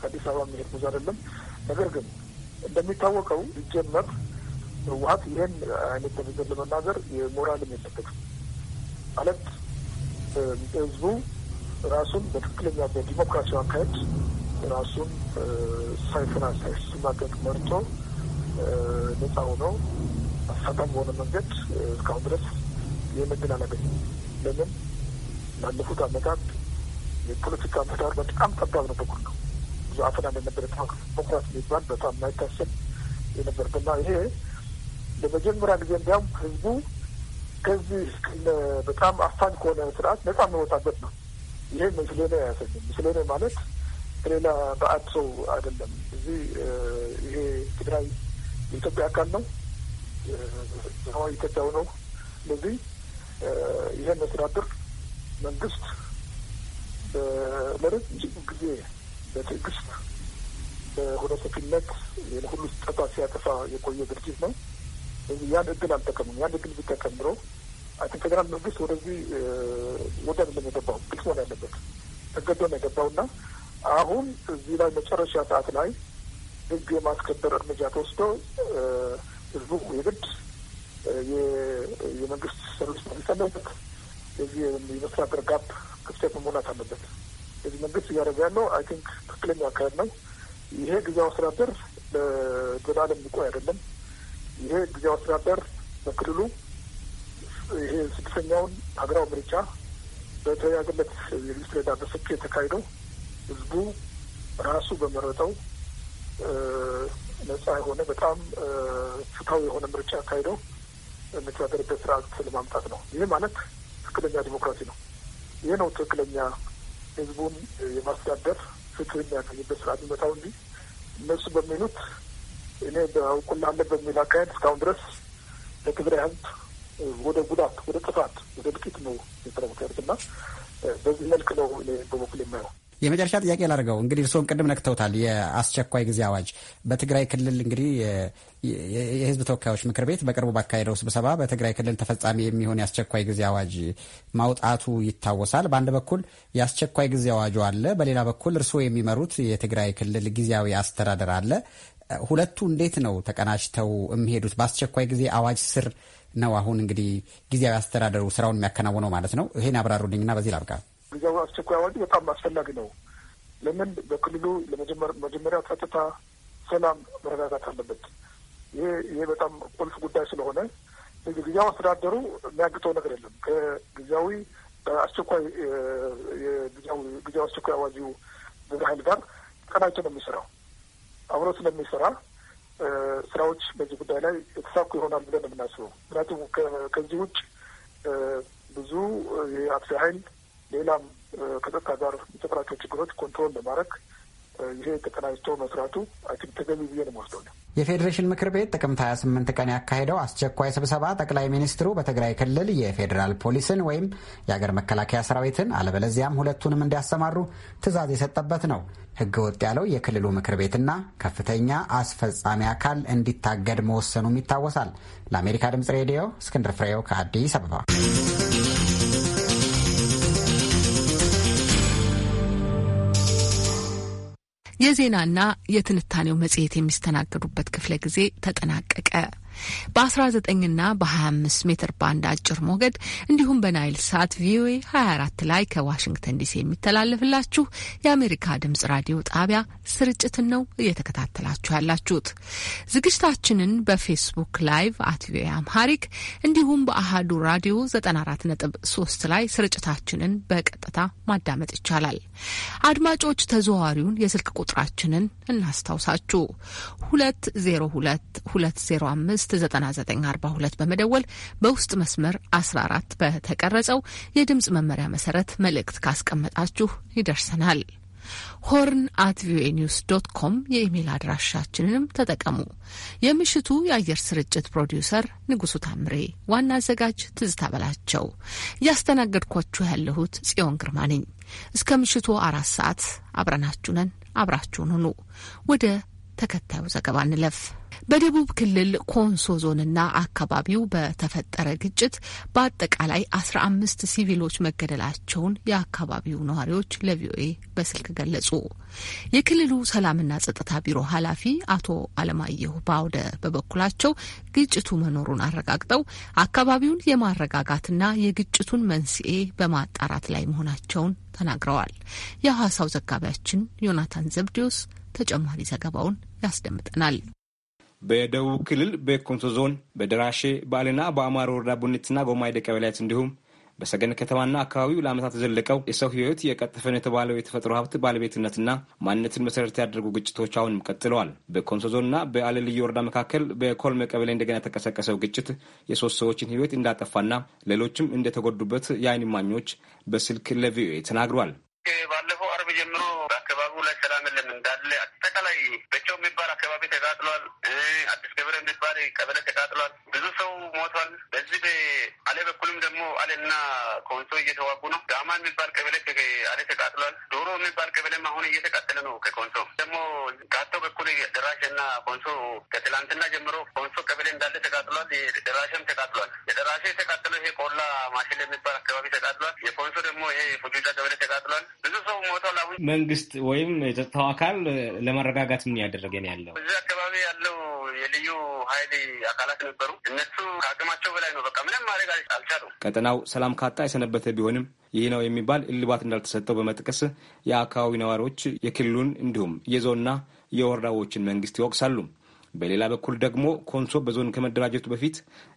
ከአዲስ አበባ የሚሄድ ጉዞ አይደለም። ነገር ግን እንደሚታወቀው ይጀመር ህወሀት ይህን አይነት ደረጃ ለመናገር የሞራልም የለበትም ማለት ህዝቡ ራሱን በትክክለኛ በዲሞክራሲያዊ አካሄድ ራሱን ሳይፈራ ሳይሸማቀቅ መርጦ ነጻ ሆነው አሳታም በሆነ መንገድ እስካሁን ድረስ የመድን እድል አላገኘም። ለምን ላለፉት አመታት የፖለቲካ ምህዳር በጣም ጠባብ ነው በኩል ነው ብዙ አፈና እንደነበረ ኮንትራት የሚባል በጣም የማይታሰብ የነበርና ይሄ ለመጀመሪያ ጊዜ እንዲያውም ህዝቡ ከዚህ በጣም አፋኝ ከሆነ ስርዓት ነጻ የሚወጣበት ነው። ይሄ ምስሌነ አያሰኝም። ምስሌነ ማለት ሌላ በአድ ሰው አይደለም። እዚህ ይሄ ትግራይ የኢትዮጵያ አካል ነው። ዘማዊ ኢትዮጵያው ነው። ስለዚህ ይሄን መስተዳድር መንግስት ለረጅም ጊዜ በትዕግስት በሆነ ሰፊነት ሁሉ ጥፋት ሲያጠፋ የቆየ ድርጅት ነው። ስለዚህ ያን እድል አልጠቀሙም። ያን እድል ቢጠቀም ኖሮ አይን ፌዴራል መንግስት ወደዚህ ወደ ለም የገባው ግልጽ ሆነ ያለበት ተገዶ ነው የገባው የገባውና አሁን እዚህ ላይ መጨረሻ ሰዓት ላይ ህግ የማስከበር እርምጃ ተወስዶ ህዝቡ የግድ የመንግስት ሰርቪስ ማግኘት አለበት። የዚህ የመስራት ጋፕ ክፍተት መሞላት አለበት። ስለዚህ መንግስት እያደረገ ያለው አይ ቲንክ ትክክለኛ አካሄድ ነው። ይሄ ጊዜያዊ አስተዳደር ለዘላለም የሚቆይ አይደለም። ይሄ ጊዜያዊ አስተዳደር በክልሉ ይሄ ስድስተኛውን ሀገራዊ ምርጫ በተያዘለት የጊዜ ሰሌዳ በስኬት የተካሄደው ህዝቡ ራሱ በመረጠው ነጻ የሆነ በጣም ፍትሐዊ የሆነ ምርጫ አካሄደው የሚተዳደርበት ስርዓት ለማምጣት ነው። ይህ ማለት ትክክለኛ ዲሞክራሲ ነው። ይህ ነው ትክክለኛ ህዝቡን የማስተዳደር ፍትህ የሚያገኝበት ስርዓት ይመታው እንጂ እነሱ በሚሉት እኔ በአውቁላለሁ በሚል አካሄድ እስካሁን ድረስ ለትግራይ ህዝብ ወደ ጉዳት፣ ወደ ጥፋት፣ ወደ እልቂት ነው የተረቡት ያሉት እና በዚህ መልክ ነው እኔ በበኩል የማየው። የመጨረሻ ጥያቄ ላድርገው። እንግዲህ እርስዎም ቅድም ነክተውታል፣ የአስቸኳይ ጊዜ አዋጅ በትግራይ ክልል እንግዲህ የህዝብ ተወካዮች ምክር ቤት በቅርቡ ባካሄደው ስብሰባ በትግራይ ክልል ተፈጻሚ የሚሆን የአስቸኳይ ጊዜ አዋጅ ማውጣቱ ይታወሳል። በአንድ በኩል የአስቸኳይ ጊዜ አዋጁ አለ፣ በሌላ በኩል እርስዎ የሚመሩት የትግራይ ክልል ጊዜያዊ አስተዳደር አለ። ሁለቱ እንዴት ነው ተቀናጅተው የሚሄዱት? በአስቸኳይ ጊዜ አዋጅ ስር ነው አሁን እንግዲህ ጊዜያዊ አስተዳደሩ ስራውን የሚያከናውነው ማለት ነው። ይሄን አብራሩልኝና በዚህ ላብቃ። ጊዜያዊ አስቸኳይ አዋጁ በጣም አስፈላጊ ነው። ለምን በክልሉ ለመጀመሪያ ጸጥታ፣ ሰላም መረጋጋት አለበት። ይሄ ይሄ በጣም ቁልፍ ጉዳይ ስለሆነ ጊዜያዊ አስተዳደሩ የሚያግጠው ነገር የለም። ከጊዜያዊ አስቸኳይ ጊዜያዊ አስቸኳይ አዋጁ ግብረ ኃይል ጋር ቀናቸው ነው የሚሰራው። አብሮ ስለሚሰራ ስራዎች በዚህ ጉዳይ ላይ የተሳኩ ይሆናል ብለን የምናስበው። ምክንያቱም ከዚህ ውጭ ብዙ የአክሲ ኃይል ሌላም ከጸጥታ ጋር የተፈራቸው ችግሮች ኮንትሮል ለማድረግ ይሄ ተቀናጅቶ መስራቱ አይቲንክ ተገቢ ብዬ ነው ወስዶ የፌዴሬሽን ምክር ቤት ጥቅምት 28 ቀን ያካሄደው አስቸኳይ ስብሰባ ጠቅላይ ሚኒስትሩ በትግራይ ክልል የፌዴራል ፖሊስን ወይም የአገር መከላከያ ሰራዊትን አለበለዚያም ሁለቱንም እንዲያሰማሩ ትዕዛዝ የሰጠበት ነው። ሕገ ወጥ ያለው የክልሉ ምክር ቤትና ከፍተኛ አስፈጻሚ አካል እንዲታገድ መወሰኑም ይታወሳል። ለአሜሪካ ድምጽ ሬዲዮ እስክንድር ፍሬው ከአዲስ አበባ የዜናና የትንታኔው መጽሔት የሚስተናገዱበት ክፍለ ጊዜ ተጠናቀቀ። በ19 ና በ25 ሜትር ባንድ አጭር ሞገድ እንዲሁም በናይል ሳት ቪኦኤ 24 ላይ ከዋሽንግተን ዲሲ የሚተላለፍላችሁ የአሜሪካ ድምጽ ራዲዮ ጣቢያ ስርጭትን ነው እየተከታተላችሁ ያላችሁት። ዝግጅታችንን በፌስቡክ ላይቭ አት ቪኦኤ አምሃሪክ እንዲሁም በአሃዱ ራዲዮ 94.3 ላይ ስርጭታችንን በቀጥታ ማዳመጥ ይቻላል። አድማጮች ተዘዋዋሪውን የስልክ ቁጥራችንን እናስታውሳችሁ 202205 9942 በመደወል በውስጥ መስመር 14 በተቀረጸው የድምፅ መመሪያ መሰረት መልእክት ካስቀመጣችሁ ይደርሰናል። ሆርን አት ቪኦኤ ኒውስ ዶት ኮም የኢሜይል አድራሻችንንም ተጠቀሙ። የምሽቱ የአየር ስርጭት ፕሮዲውሰር ንጉሱ ታምሬ፣ ዋና አዘጋጅ ትዝታ በላቸው፣ እያስተናገድኳችሁ ያለሁት ጽዮን ግርማ ነኝ። እስከ ምሽቱ አራት ሰዓት አብረናችሁ ነን። አብራችሁን ሁኑ። ወደ ተከታዩ ዘገባ እንለፍ። በደቡብ ክልል ኮንሶ ዞንና አካባቢው በተፈጠረ ግጭት በአጠቃላይ አስራ አምስት ሲቪሎች መገደላቸውን የአካባቢው ነዋሪዎች ለቪኦኤ በስልክ ገለጹ። የክልሉ ሰላምና ጸጥታ ቢሮ ኃላፊ አቶ አለማየሁ ባውደ በበኩላቸው ግጭቱ መኖሩን አረጋግጠው አካባቢውን የማረጋጋትና የግጭቱን መንስኤ በማጣራት ላይ መሆናቸውን ተናግረዋል። የሐዋሳው ዘጋቢያችን ዮናታን ዘብዲዮስ ተጨማሪ ዘገባውን ያስደምጠናል። በደቡብ ክልል በኮንሶ ዞን በደራሼ በአልና በአማሮ ወረዳ ቡኒትና ጎማይደ ቀበሌያት እንዲሁም በሰገን ከተማና አካባቢው ለዓመታት ዘለቀው የሰው ሕይወት የቀጠፈ የተባለው የተፈጥሮ ሀብት ባለቤትነትና ማንነትን መሰረት ያደርጉ ግጭቶች አሁንም ቀጥለዋል። በኮንሶ ዞንና በአለ ልዩ ወረዳ መካከል በኮልሜ ቀበሌ እንደገና የተቀሰቀሰው ግጭት የሶስት ሰዎችን ሕይወት እንዳጠፋና ሌሎችም እንደተጎዱበት የአይን እማኞች በስልክ ለቪኦኤ ተናግሯል። ባለፈው አርብ ጀምሮ አካባቢው ላይ ሰላም የለም እንዳለ አጠቃላይ በቸው የሚባል አካባቢ ተቃጥሏል። አዲስ ገብረ የሚባል ቀበሌ ተቃጥሏል። ብዙ ሰው ሞቷል። በዚህ በአሌ በኩልም ደግሞ አሌና ኮንሶ እየተዋጉ ነው። ጋማ የሚባል ቀበሌ አሌ ተቃጥሏል። ዶሮ የሚባል ቀበሌም አሁን እየተቃጠለ ነው። ከኮንሶ ደግሞ ጋቶ በኩል ደራሽ ኮንሶ ከትላንትና ጀምሮ ኮንሶ ቀበሌ እንዳለ ተቃጥሏል። የደራሸም ተቃጥሏል። የደራሸ የተቃጠለው ይሄ ቆላ ማሽል የሚባል አካባቢ ተቃጥሏል። የኮንሶ ደግሞ ይሄ ፉጁጫ ቀበሌ ተቃጥሏል። መንግስት ወይም የጸጥታው አካል ለመረጋጋት ምን ያደረገን ነው ያለው? እዚህ አካባቢ ያለው የልዩ ኃይል አካላት ነበሩ። እነሱ ከአቅማቸው በላይ ነው። በቃ ምንም ማድረግ አልቻሉም። ቀጠናው ሰላም ካጣ የሰነበተ ቢሆንም ይህ ነው የሚባል እልባት እንዳልተሰጠው በመጥቀስ የአካባቢ ነዋሪዎች የክልሉን እንዲሁም የዞንና የወረዳዎችን መንግስት ይወቅሳሉ። በሌላ በኩል ደግሞ ኮንሶ በዞን ከመደራጀቱ በፊት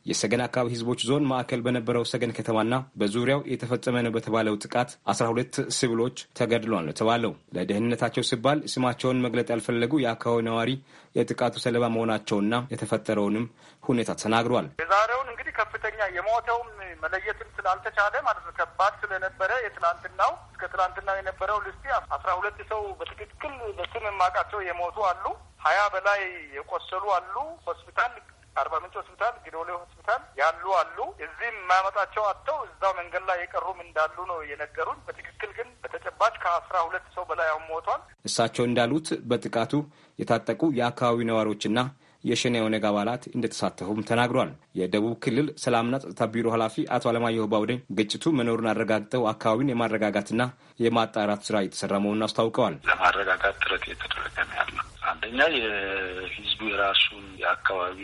የሰገን አካባቢ ህዝቦች ዞን ማዕከል በነበረው ሰገን ከተማና በዙሪያው የተፈጸመ ነው በተባለው ጥቃት 12 ሲቪሎች ተገድሏል ነው ተባለው። ለደህንነታቸው ሲባል ስማቸውን መግለጥ ያልፈለጉ የአካባቢ ነዋሪ የጥቃቱ ሰለባ መሆናቸውና የተፈጠረውንም ሁኔታ ተናግሯል። የዛሬውን እንግዲህ ከፍተኛ የሞተውም መለየትም ስላልተቻለ ማለት ነው ከባድ ስለነበረ የትላንትናው እስከ ትላንትናው የነበረው ልስቲ አስራ ሁለት ሰው በትክክል በስም የማውቃቸው የሞቱ አሉ ሀያ በላይ የቆሰሉ አሉ። ሆስፒታል አርባ ምንጭ ሆስፒታል፣ ግዶሌ ሆስፒታል ያሉ አሉ። እዚህም የማያመጣቸው አጥተው እዛው መንገድ ላይ የቀሩም እንዳሉ ነው የነገሩን። በትክክል ግን በተጨባጭ ከአስራ ሁለት ሰው በላይ አሁን ሞቷል። እሳቸው እንዳሉት በጥቃቱ የታጠቁ የአካባቢው ነዋሪዎችና የሸኔ ኦነግ አባላት እንደተሳተፉም ተናግሯል። የደቡብ ክልል ሰላምና ጸጥታ ቢሮ ኃላፊ አቶ አለማየሁ ባውደኝ ግጭቱ መኖሩን አረጋግጠው አካባቢን የማረጋጋትና የማጣራት ስራ የተሰራ መሆኑን አስታውቀዋል። ለማረጋጋት ጥረት እየተደረገ ነው ያለው አንደኛ የህዝቡ የራሱን የአካባቢ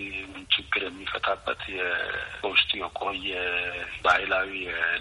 ችግር የሚፈታበት በውስጡ የቆየ ባህላዊ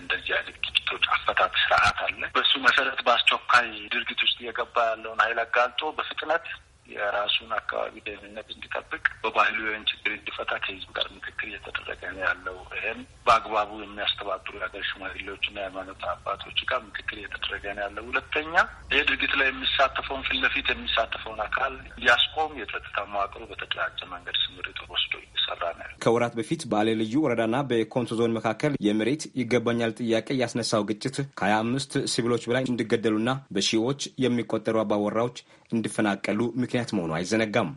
እንደዚህ አይነት ግጭቶች አፈታት ስርዓት አለ። በሱ መሰረት በአስቸኳይ ድርጊት ውስጥ እየገባ ያለውን ኃይል አጋልጦ በፍጥነት የራሱን አካባቢ ደህንነት እንዲጠብቅ በባህሉ ወይን ችግር እንዲፈታ ከህዝብ ጋር ምክክር እየተደረገ ነው ያለው። ይህም በአግባቡ የሚያስተባብሩ የሀገር ሽማግሌዎችና የሃይማኖት አባቶች ጋር ምክክር እየተደረገ ነው ያለው። ሁለተኛ ይህ ድርጊት ላይ የሚሳተፈውን ፊት ለፊት የሚሳተፈውን አካል እንዲያስቆም የጸጥታ መዋቅሩ በተደራጀ መንገድ ስምሪት ወስዶ እየሰራ ነው። ከወራት በፊት በአሌ ልዩ ወረዳና በኮንሶ ዞን መካከል የመሬት ይገባኛል ጥያቄ ያስነሳው ግጭት ከሀያ አምስት ሲቪሎች በላይ እንዲገደሉና በሺዎች የሚቆጠሩ አባወራዎች እንዲፈናቀሉ ምክ ምክንያት መሆኑ አይዘነጋም።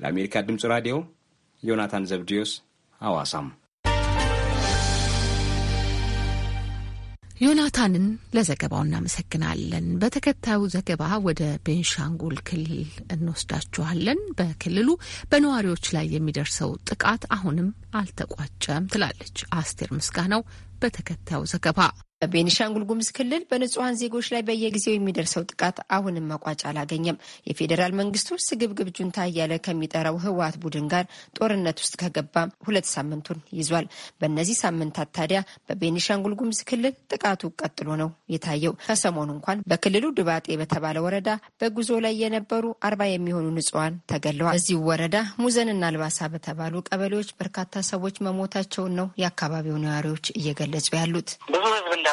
ለአሜሪካ ድምፅ ራዲዮ ዮናታን ዘብዲዮስ አዋሳም። ዮናታንን ለዘገባው እናመሰግናለን። በተከታዩ ዘገባ ወደ ቤንሻንጉል ክልል እንወስዳችኋለን። በክልሉ በነዋሪዎች ላይ የሚደርሰው ጥቃት አሁንም አልተቋጨም ትላለች አስቴር ምስጋናው በተከታዩ ዘገባ በቤኒሻንጉል ጉምዝ ክልል በንጹሐን ዜጎች ላይ በየጊዜው የሚደርሰው ጥቃት አሁንም መቋጫ አላገኘም። የፌዴራል መንግስቱ ስግብግብ ጁንታ እያለ ከሚጠራው ህወሓት ቡድን ጋር ጦርነት ውስጥ ከገባ ሁለት ሳምንቱን ይዟል። በእነዚህ ሳምንታት ታዲያ በቤኒሻንጉል ጉምዝ ክልል ጥቃቱ ቀጥሎ ነው የታየው። ከሰሞኑ እንኳን በክልሉ ድባጤ በተባለ ወረዳ በጉዞ ላይ የነበሩ አርባ የሚሆኑ ንጹሐን ተገለዋል። በዚሁ ወረዳ ሙዘንና አልባሳ በተባሉ ቀበሌዎች በርካታ ሰዎች መሞታቸውን ነው የአካባቢው ነዋሪዎች እየገለጹ ያሉት።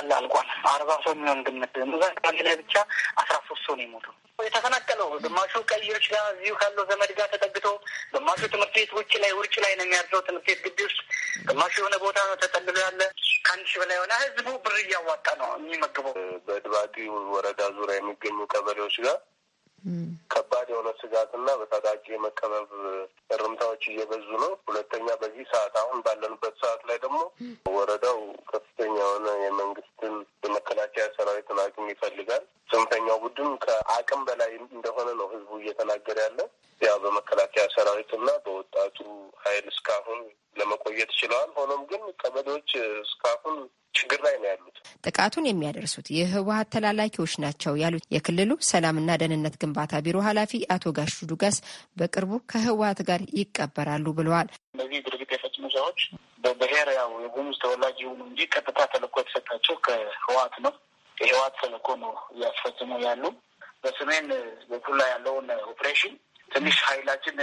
እንዳለ አልቋል። አርባ ሰው የሚሆን ግምት እዛ አካባቢ ላይ ብቻ አስራ ሶስት ሰው ነው የሞተው። የተፈናቀለው ግማሹ ቀይሮች ጋር እዚሁ ካለው ዘመድ ጋር ተጠግቶ፣ ግማሹ ትምህርት ቤት ውጭ ላይ ውርጭ ላይ ነው የሚያድረው ትምህርት ቤት ግቢ ውስጥ፣ ግማሹ የሆነ ቦታ ነው ተጠልሎ ያለ። ከአንድ ሺህ በላይ የሆነ ህዝቡ ብር እያዋጣ ነው የሚመግበው። በድባጢ ወረዳ ዙሪያ የሚገኙ ቀበሌዎች ጋር ከባድ የሆነ ስጋትና በታጣቂ የመከበብ እርምታዎች እየበዙ ነው። ሁለተኛ በዚህ ሰዓት አሁን ባለንበት ሰዓት ላይ ደግሞ ወረዳው ከፍተኛ የሆነ የመንግስትን የመከላከያ ሰራዊትን አቅም ይፈልጋል። ጽንፈኛው ቡድን ከአቅም በላይ እንደሆነ ነው ህዝቡ እየተናገረ ያለ። ያው በመከላከያ ሰራዊትና በወጣቱ ኃይል እስካሁን ለመቆየት ችለዋል። ሆኖም ግን ቀበሌዎች እስካሁን ችግር ላይ ነው ያሉት። ጥቃቱን የሚያደርሱት የህወሀት ተላላኪዎች ናቸው ያሉት የክልሉ ሰላምና ደህንነት ግንባታ ቢሮ ኃላፊ አቶ ጋሹ ዱጋስ በቅርቡ ከህወሀት ጋር ይቀበራሉ ብለዋል። እነዚህ ድርጊት የፈጽሙ ሰዎች በብሔር ያው የጉሙዝ ተወላጅ ይሁኑ እንጂ ቀጥታ ተልእኮ የተሰጣቸው ከህወሀት ነው። የህወሀት ተልእኮ ነው እያስፈጽሙ ያሉ በሰሜን በኩል ላይ ያለውን ኦፕሬሽን ትንሽ ኃይላችን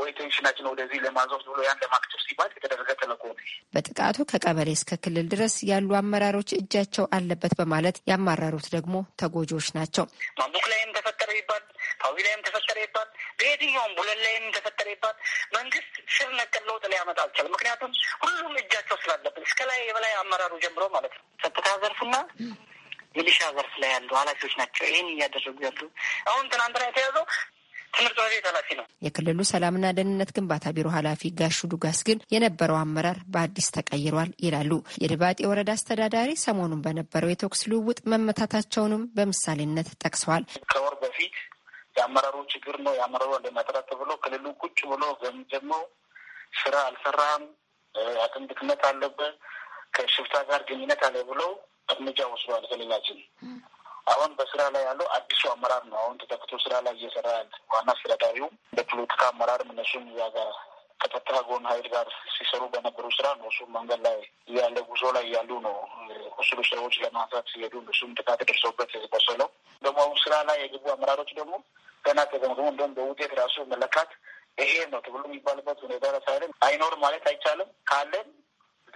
ወይ ቴንሽናችን ወደዚህ ለማዞር ብሎ ያን ለማክቸር ሲባል የተደረገ ተልዕኮ ነው። በጥቃቱ ከቀበሌ እስከ ክልል ድረስ ያሉ አመራሮች እጃቸው አለበት በማለት ያማራሩት ደግሞ ተጎጂዎች ናቸው። ማንቡክ ላይም ተፈጠረ ይባል፣ ታዊ ላይም ተፈጠረ ይባል፣ በየትኛውም ቡለን ላይም ተፈጠረ ይባል መንግስት ስር ነቀል ለውጥ ሊያመጣ አልቻለም። ምክንያቱም ሁሉም እጃቸው ስላለበት እስከ ላይ የበላይ አመራሩ ጀምሮ ማለት ነው ጸጥታ ዘርፍና ሚሊሻ ዘርፍ ላይ ያሉ ኃላፊዎች ናቸው ይህን እያደረጉ ያሉ። አሁን ትናንትና የተያዘው ትምህርት ቤት ኃላፊ ነው። የክልሉ ሰላምና ደህንነት ግንባታ ቢሮ ኃላፊ ጋሹ ዱጋስ ግን የነበረው አመራር በአዲስ ተቀይሯል ይላሉ። የድባጤ ወረዳ አስተዳዳሪ ሰሞኑን በነበረው የተኩስ ልውውጥ መመታታቸውንም በምሳሌነት ጠቅሰዋል። ከወር በፊት የአመራሩ ችግር ነው የአመራሩ ለመጥራት ብሎ ክልሉ ቁጭ ብሎ ገምገሞ ስራ አልሰራም፣ አቅም ድክመት አለበት፣ ከሽፍታ ጋር ግንኙነት አለ ብለው እርምጃ ወስዷል ክልላችን አሁን በስራ ላይ ያለው አዲሱ አመራር ነው። አሁን ተተክቶ ስራ ላይ እየሰራ ያለ ዋና አስተዳዳሪውም በፖለቲካ አመራር እነሱም እዛ ጋር ከጸጥታ ጎን ኃይል ጋር ሲሰሩ በነበሩ ስራ ነው። እሱም መንገድ ላይ ያለ ጉዞ ላይ ያሉ ነው ቁስሉ ሰዎች ለማንሳት ሲሄዱ እሱም ጥቃት ደርሰውበት ቆሰለው ደግሞ አሁን ስራ ላይ የግቡ አመራሮች ደግሞ ገና ተገምግሞ እንደውም በውጤት ራሱ መለካት ይሄ ነው ተብሎ የሚባልበት ሁኔታ ሳይለን አይኖር ማለት አይቻልም። ካለን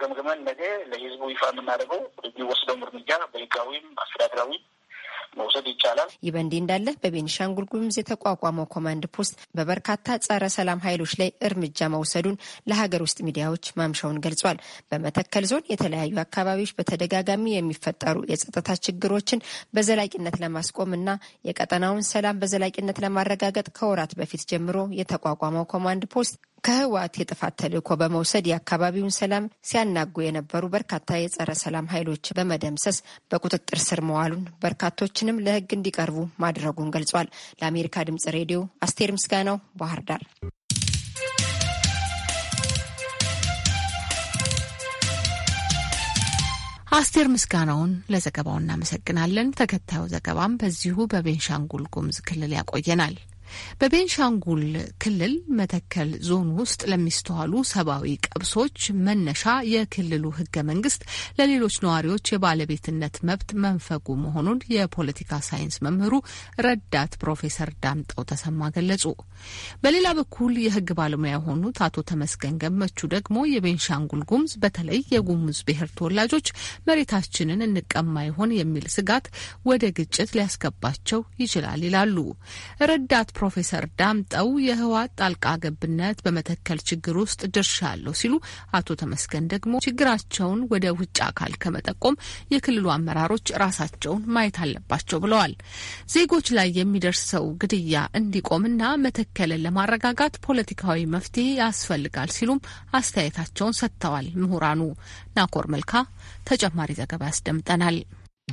ገምግመን ነገ ለህዝቡ ይፋ የምናደርገው የሚወስደውም እርምጃ በህጋዊም አስተዳድራዊም መውሰድ ይቻላል። ይህ በእንዲህ እንዳለ በቤኒሻንጉል ጉምዝ የተቋቋመው ኮማንድ ፖስት በበርካታ ጸረ ሰላም ኃይሎች ላይ እርምጃ መውሰዱን ለሀገር ውስጥ ሚዲያዎች ማምሻውን ገልጿል። በመተከል ዞን የተለያዩ አካባቢዎች በተደጋጋሚ የሚፈጠሩ የጸጥታ ችግሮችን በዘላቂነት ለማስቆም እና የቀጠናውን ሰላም በዘላቂነት ለማረጋገጥ ከወራት በፊት ጀምሮ የተቋቋመው ኮማንድ ፖስት ከህወሓት የጥፋት ተልዕኮ በመውሰድ የአካባቢውን ሰላም ሲያናጉ የነበሩ በርካታ የጸረ ሰላም ኃይሎች በመደምሰስ በቁጥጥር ስር መዋሉን በርካቶችንም ለህግ እንዲቀርቡ ማድረጉን ገልጿል። ለአሜሪካ ድምጽ ሬዲዮ አስቴር ምስጋናው ባህር ዳር። አስቴር ምስጋናውን ለዘገባው እናመሰግናለን። ተከታዩ ዘገባም በዚሁ በቤንሻንጉል ጉሙዝ ክልል ያቆየናል። በቤንሻንጉል ክልል መተከል ዞን ውስጥ ለሚስተዋሉ ሰብአዊ ቀብሶች መነሻ የክልሉ ህገ መንግስት ለሌሎች ነዋሪዎች የባለቤትነት መብት መንፈጉ መሆኑን የፖለቲካ ሳይንስ መምህሩ ረዳት ፕሮፌሰር ዳምጠው ተሰማ ገለጹ። በሌላ በኩል የህግ ባለሙያ የሆኑት አቶ ተመስገን ገመቹ ደግሞ የቤንሻንጉል ጉሙዝ በተለይ የጉሙዝ ብሔር ተወላጆች መሬታችንን እንቀማ ይሆን የሚል ስጋት ወደ ግጭት ሊያስገባቸው ይችላል ይላሉ። ረዳት ፕሮፌሰር ዳምጠው የህወሓት ጣልቃ ገብነት በመተከል ችግር ውስጥ ድርሻ አለው ሲሉ፣ አቶ ተመስገን ደግሞ ችግራቸውን ወደ ውጭ አካል ከመጠቆም የክልሉ አመራሮች ራሳቸውን ማየት አለባቸው ብለዋል። ዜጎች ላይ የሚደርሰው ግድያ እንዲቆምና መተከልን ለማረጋጋት ፖለቲካዊ መፍትሄ ያስፈልጋል ሲሉም አስተያየታቸውን ሰጥተዋል ምሁራኑ። ናኮር መልካ ተጨማሪ ዘገባ ያስደምጠናል።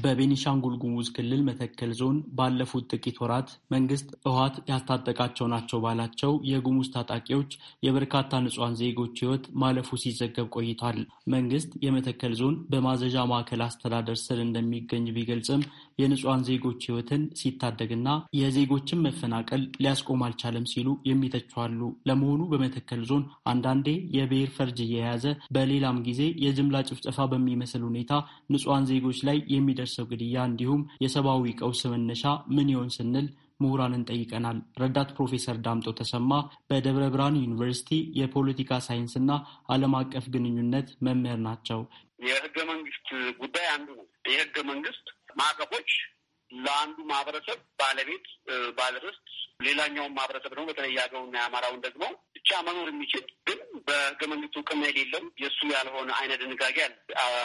በቤኒሻንጉል ጉሙዝ ክልል መተከል ዞን ባለፉት ጥቂት ወራት መንግስት እዋት ያስታጠቃቸው ናቸው ባላቸው የጉሙዝ ታጣቂዎች የበርካታ ንጹሐን ዜጎች ህይወት ማለፉ ሲዘገብ ቆይቷል። መንግስት የመተከል ዞን በማዘዣ ማዕከል አስተዳደር ስር እንደሚገኝ ቢገልጽም የንጹሐን ዜጎች ህይወትን ሲታደግና የዜጎችን መፈናቀል ሊያስቆም አልቻለም ሲሉ የሚተቸዋሉ። አሉ። ለመሆኑ በመተከል ዞን አንዳንዴ የብሔር ፈርጅ እየያዘ በሌላም ጊዜ የጅምላ ጭፍጨፋ በሚመስል ሁኔታ ንጹሐን ዜጎች ላይ የሚደ የሚደርሰው ግድያ እንዲሁም የሰብአዊ ቀውስ መነሻ ምን ይሆን ስንል ምሁራንን ጠይቀናል። ረዳት ፕሮፌሰር ዳምጦ ተሰማ በደብረ ብርሃን ዩኒቨርሲቲ የፖለቲካ ሳይንስና ዓለም አቀፍ ግንኙነት መምህር ናቸው። የህገ መንግስት ጉዳይ አንዱ ነው። የህገ መንግስት ማዕቀፎች ለአንዱ ማህበረሰብ ባለቤት ባለርስት፣ ሌላኛውን ማህበረሰብ ደግሞ በተለይ የአማራውን ደግሞ ብቻ መኖር የሚችል ግን በህገ መንግስቱ እውቅና የሌለው የእሱ ያልሆነ አይነት ድንጋጌ አለ።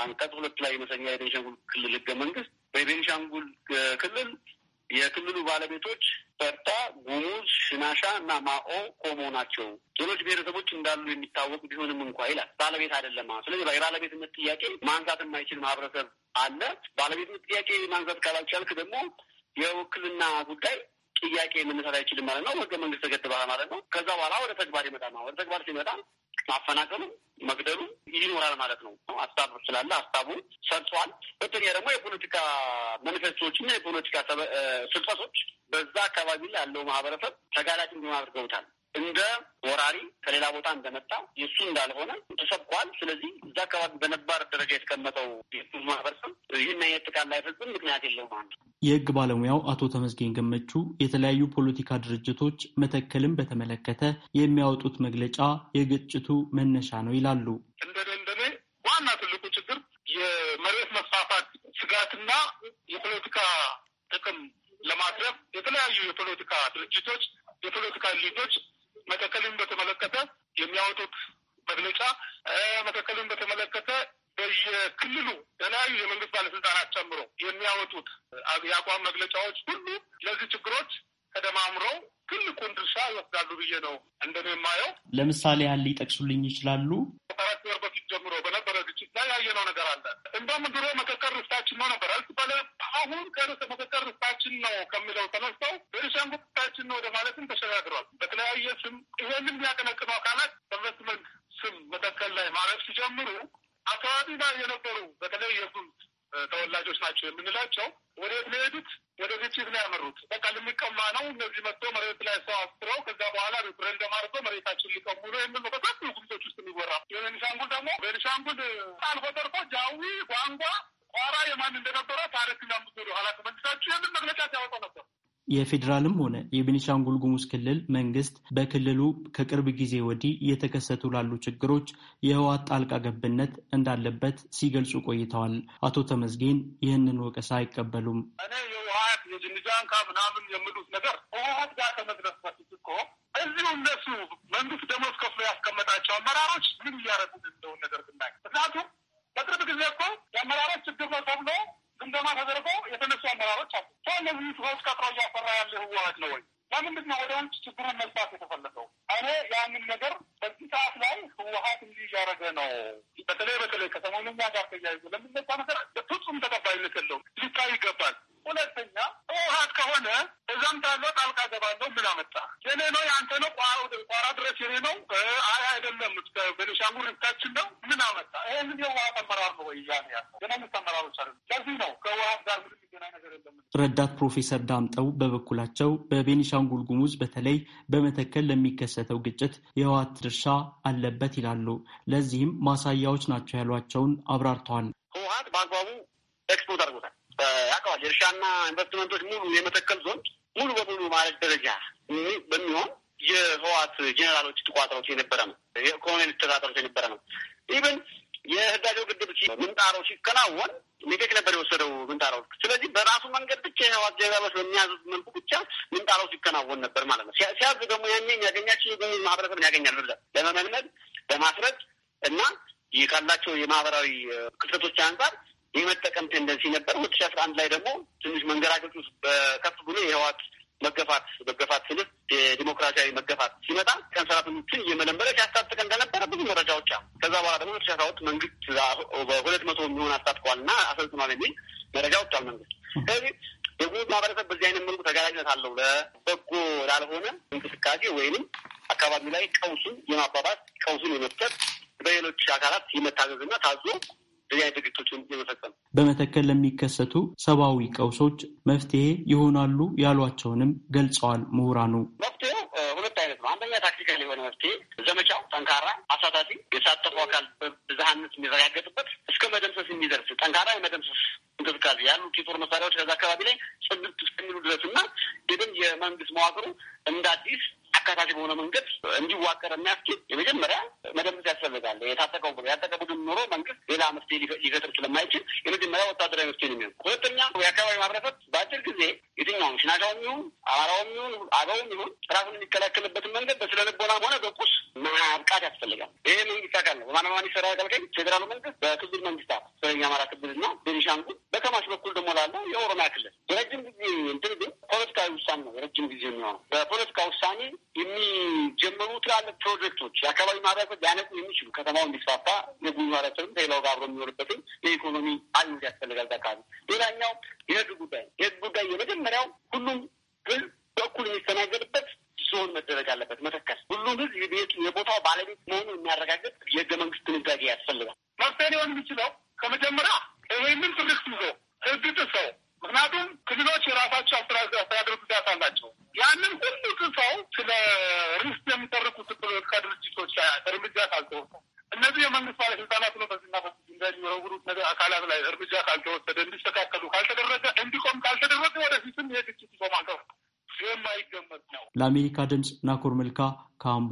አንቀጽ ሁለት ላይ ይመስለኛል የቤንሻንጉል ክልል ህገ መንግስት በቤንሻንጉል ክልል የክልሉ ባለቤቶች ፈርታ፣ ጉሙዝ፣ ሽናሻ እና ማኦ ኮሞ ናቸው። ሌሎች ብሔረሰቦች እንዳሉ የሚታወቅ ቢሆንም እንኳ ይላል ባለቤት አይደለም። ስለዚህ የባለቤትነት ጥያቄ ማንሳት የማይችል ማህበረሰብ አለ። ባለቤትነት ጥያቄ ማንሳት ካላልቻልክ ደግሞ የውክልና ጉዳይ ጥያቄ መነሳት አይችልም ማለት ነው። ህገ መንግስት ተገድበሃል ማለት ነው። ከዛ በኋላ ወደ ተግባር ይመጣል። ወደ ተግባር ሲመጣ ማፈናቀሉ፣ መግደሉ ይኖራል ማለት ነው። ሀሳብ ስላለ ሀሳቡ ሰርጿል። ሁለተኛ ደግሞ የፖለቲካ እና የፖለቲካ ስልጠቶች በዛ አካባቢ ላይ ያለው ማህበረሰብ ተጋላጭ እንዲሆን አድርገውታል። እንደ ወራሪ ከሌላ ቦታ እንደመጣ የእሱ እንዳልሆነ ተሰብኳል። ስለዚህ እዛ አካባቢ በነባር ደረጃ የተቀመጠው ማህበረሰብ ይህን አይነት ጥቃት ላይፈጽም ምክንያት የለውም። አንዱ የህግ ባለሙያው አቶ ተመስገን ገመቹ የተለያዩ ፖለቲካ ድርጅቶች መተከልን በተመለከተ የሚያወጡት መግለጫ የግጭቱ መነሻ ነው ይላሉ። እንደደንደኔ ዋና ትልቁ ችግር የመሬት መስፋፋት ስጋትና የፖለቲካ ጥቅም ለማትረፍ የተለያዩ የፖለቲካ ድርጅቶች የፖለቲካ ሊቶች መተከልን በተመለከተ የሚያወጡት መግለጫ መተከልን በተመለከተ በየክልሉ የተለያዩ የመንግስት ባለስልጣናት ጨምሮ የሚያወጡት የአቋም መግለጫዎች ሁሉ ለዚህ ችግሮች ተደማምረው ትልቁን ድርሻ ይወስዳሉ ብዬ ነው እንደኔ የማየው። ለምሳሌ ያህል ሊጠቅሱልኝ ይችላሉ? ከአራት ወር በፊት ጀምሮ በነበረ ግጭት ላይ ያየነው ነገር አለ። እንደውም ድሮ መካከል ርስታችን ነው ነበር አልስ በለ አሁን ከርስ መካከል ርስታችን ነው ከሚለው ተነስተው በርሻን ርስታችን ነው ወደ ማለትም ተሸጋግሯል። በተለያየ ስም ይሄንን የሚያቀነቅኑ አካላት ኢንቨስትመንት ስም መተከል ላይ ማረፍ ሲጀምሩ አካባቢ ላይ የነበሩ በተለይ የጉምዝ ተወላጆች ናቸው የምንላቸው ወደ የሚሄዱት ወደ ግጭት ነው ያመሩት። በቃ ልንቀማ ነው እነዚህ መጥቶ መሬት ላይ ሰው አስረው ከዛ በኋላ ሪፍረንደም አርጎ መሬታችን ሊቀሙ ነው የሚል ነው በጣም ጉምቶች ውስጥ የሚወራ የቤኒሻንጉል ደግሞ ቤኒሻንጉል አልፎ ተርፎ ጃዊ ጓንጓ ቋራ የማን እንደነበረ ታሪክ ና ምዞ ኋላ ተመልሳችሁ የምን መግለጫ ሲያወጣ ነበር። የፌዴራልም ሆነ የቤኒሻንጉል ጉሙዝ ክልል መንግስት በክልሉ ከቅርብ ጊዜ ወዲህ እየተከሰቱ ላሉ ችግሮች የህወሓት ጣልቃ ገብነት እንዳለበት ሲገልጹ ቆይተዋል። አቶ ተመዝጌን ይህንን ወቀሳ አይቀበሉም። እኔ የህወሓት የጅንጃንካ ምናምን ነገር ህወሓት ጋር እኮ እዚሁ እነሱ መንግስት ደሞዝ ከፍሎ ያስቀመጣቸው አመራሮች ምን እያረጉ ነገር ብናይ ምክንያቱም በቅርብ ጊዜ እኮ የአመራሮች ችግር ነው ተብሎ ግምገማ ተደርጎ የተነሱ አመራሮች አሉ። እነዚህ ትሆች ቀጥሮ እያሰራ ያለ ህወሀት ነው ወይ? ለምንድን ነው ወደ ውጭ ችግሩን መግባት የተፈለገው? እኔ ያንን ነገር በዚህ ሰዓት ላይ ህወሀት እንዲህ እያደረገ ነው፣ በተለይ በተለይ ከሰሞኑኛ ጋር ተያይዞ ለምንነሳ መሰረት ፍጹም ተቀባይነት የለውም። ሊታይ ይገባል። ሁለተኛ ህወሀት ከሆነ እዛም ታለው ጣልቃ ገባለሁ ምን አመጣ? የኔ ነው የአንተ ነው ቋራ ድረስ የኔ ነው አይ አይደለም በቤኒሻንጉል ታችን ነው ምን አመጣ? ይህን የህወሀት አመራር ነው ወይ ያ ያለ የመንግስት አመራሮች አለ። ለዚህ ነው ከህወሀት ጋር ምንም ገና ነገር የለም። ረዳት ፕሮፌሰር ዳምጠው በበኩላቸው በቤኒሻንጉል ጉሙዝ በተለይ በመተከል ለሚከሰተው ግጭት የህወሀት ድርሻ አለበት ይላሉ። ለዚህም ማሳያዎች ናቸው ያሏቸውን አብራርተዋል። ህወሀት በአግባቡ ኤክስፖርት አድርጎታል። አዋጅ እርሻና ኢንቨስትመንቶች ሙሉ የመተከል ዞን ሙሉ በሙሉ ማለት ደረጃ በሚሆን የህዋት ጄኔራሎች ተቋጥሮት የነበረ ነው። የኢኮኖሚ ተቋጥሮት የነበረ ነው። ኢቨን የህዳሴው ግድብ ምንጣሮ ሲከናወን ሜቴክ ነበር የወሰደው ምንጣሮ። ስለዚህ በራሱ መንገድ ብቻ የህዋት ጄኔራሎች በሚያዙት መልኩ ብቻ ምንጣሮ ሲከናወን ነበር ማለት ነው። ሲያዝ ደግሞ ያኔ የሚያገኛቸው ማህበረሰብን ያገኛል ብለህ ለመመልመል ለማስረጥ እና ይህ ካላቸው የማህበራዊ ክፍተቶች አንጻር የመጠቀም ቴንደንሲ ነበር። ሁለት ሺ አስራ አንድ ላይ ደግሞ ትንሽ መንገራገጡ ውስጥ በከፍ ብሎ የህዋት መገፋት መገፋት ስልፍ የዲሞክራሲያዊ መገፋት ሲመጣ ቀን ሰራተኞችን እየመለመለ ሲያስታጥቀ እንደነበረ ብዙ መረጃዎች አሉ። ከዛ በኋላ ደግሞ ሁለት ሺ አስራ ሁለት መንግስት በሁለት መቶ የሚሆን አስታጥቋል እና አሰልጥኗል የሚል መረጃ ወጥቷል መንግስት። ስለዚህ የጉዝ ማህበረሰብ በዚህ አይነት መልኩ ተጋላጅነት አለው ለበጎ ላልሆነ እንቅስቃሴ ወይንም አካባቢ ላይ ቀውሱን የማባባስ ቀውሱን የመፍጠር በሌሎች አካላት የመታዘዝና ታዞ እንደዚህ ድርጊቶችን የመፈጸም በመተከል ለሚከሰቱ ሰብአዊ ቀውሶች መፍትሄ ይሆናሉ ያሏቸውንም ገልጸዋል ምሁራኑ። መፍትሄው ሁለት አይነት ነው። አንደኛ ታክቲካል የሆነ መፍትሄ ዘመቻው ጠንካራ፣ አሳታፊ፣ የተሳተፈው አካል ብዝሃነት የሚረጋገጥበት እስከ መደምሰስ የሚደርስ ጠንካራ የመደምሰስ እንቅስቃሴ ያሉ የጦር መሳሪያዎች ከዛ አካባቢ ላይ ጽድት እስከሚሉ ድረስ እና የመንግስት መዋቅሩ እንደ አዲስ አካታች በሆነ መንገድ እንዲዋቀር የሚያስችል የመጀመሪያ መደምሰስ ያስፈልጋል። የታጠቀው ያጠቀ ቡድን ኖሮ መንግስት ሌላ መፍትሄ ሊፈጥር ስለማይችል የመጀመሪያ ወታደራዊ መፍትሄ የሚሆን ሁለተኛ፣ የአካባቢ ማህበረሰብ በአጭር ጊዜ የትኛውም ሽናሻውም ይሁን አማራውም ይሁን አገውም ይሁን ራሱን የሚከላከልበትን መንገድ በስነ ልቦናም ሆነ በቁስ ማብቃት ያስፈልጋል። ይሄ መንግስት አካል ነው። በማንማን ይሰራ ያገልገኝ ፌዴራሉ መንግስት በክልል መንግስታት ሰሜን አማራ ክልል እና ቤኒሻንጉል፣ በከማሽ በኩል ደግሞ ላለው የኦሮሚያ ክልል የረጅም ጊዜ እንትን ግን ፖለቲካዊ ውሳኔ ነው። የረጅም ጊዜ የሚሆነው በፖለቲካ ውሳኔ የሚጀመሩ ትላልቅ ፕሮጀክቶች የአካባቢ ማህበረሰብ ሊያነቁ የሚችሉ ከተማው እንዲስፋፋ የጉኝ ማህበረሰብም ከሌላው ጋር አብሮ የሚኖርበትን የኢኮኖሚ አል ያስፈልጋል። አካባቢ ሌላኛው የህዝብ ጉዳይ የህዝብ ጉዳይ የመጀመሪያው ሁሉም ግል በኩል የሚስተናገድበት ዞን መደረግ አለበት። መተከል ሁሉም ህዝብ ቤቱ የቦታው ባለቤት መሆኑን የሚያረጋግጥ የህገ መንግስት ድንጋጌ ያስፈልጋል። መፍትሄ ሊሆን የሚችለው ከመጀመሪያ ይህንን ትርክት ይዞ ህግ ጥሰው ምክንያቱም ክልሎች የራሳቸው አስተዳደር ጉዳት አላቸው። ያንን ሁሉ ጥሰው ስለ ርስት የሚጠርቁት ፖለቲካ ድርጅቶች እርምጃ ካልተወሰደ እነዚህ የመንግስት ባለስልጣናት ነው በዚህና በዚህ እንደሚወረውሩት ነገር አካላት ላይ እርምጃ ካልተወሰደ እንዲስተካከሉ ካልተደረገ እንዲቆም ካልተደረገ ወደፊትም ይህ ግጭት ይቆማል። የማይገመት ነው። ለአሜሪካ ድምፅ ናኮር መልካ ካምቦ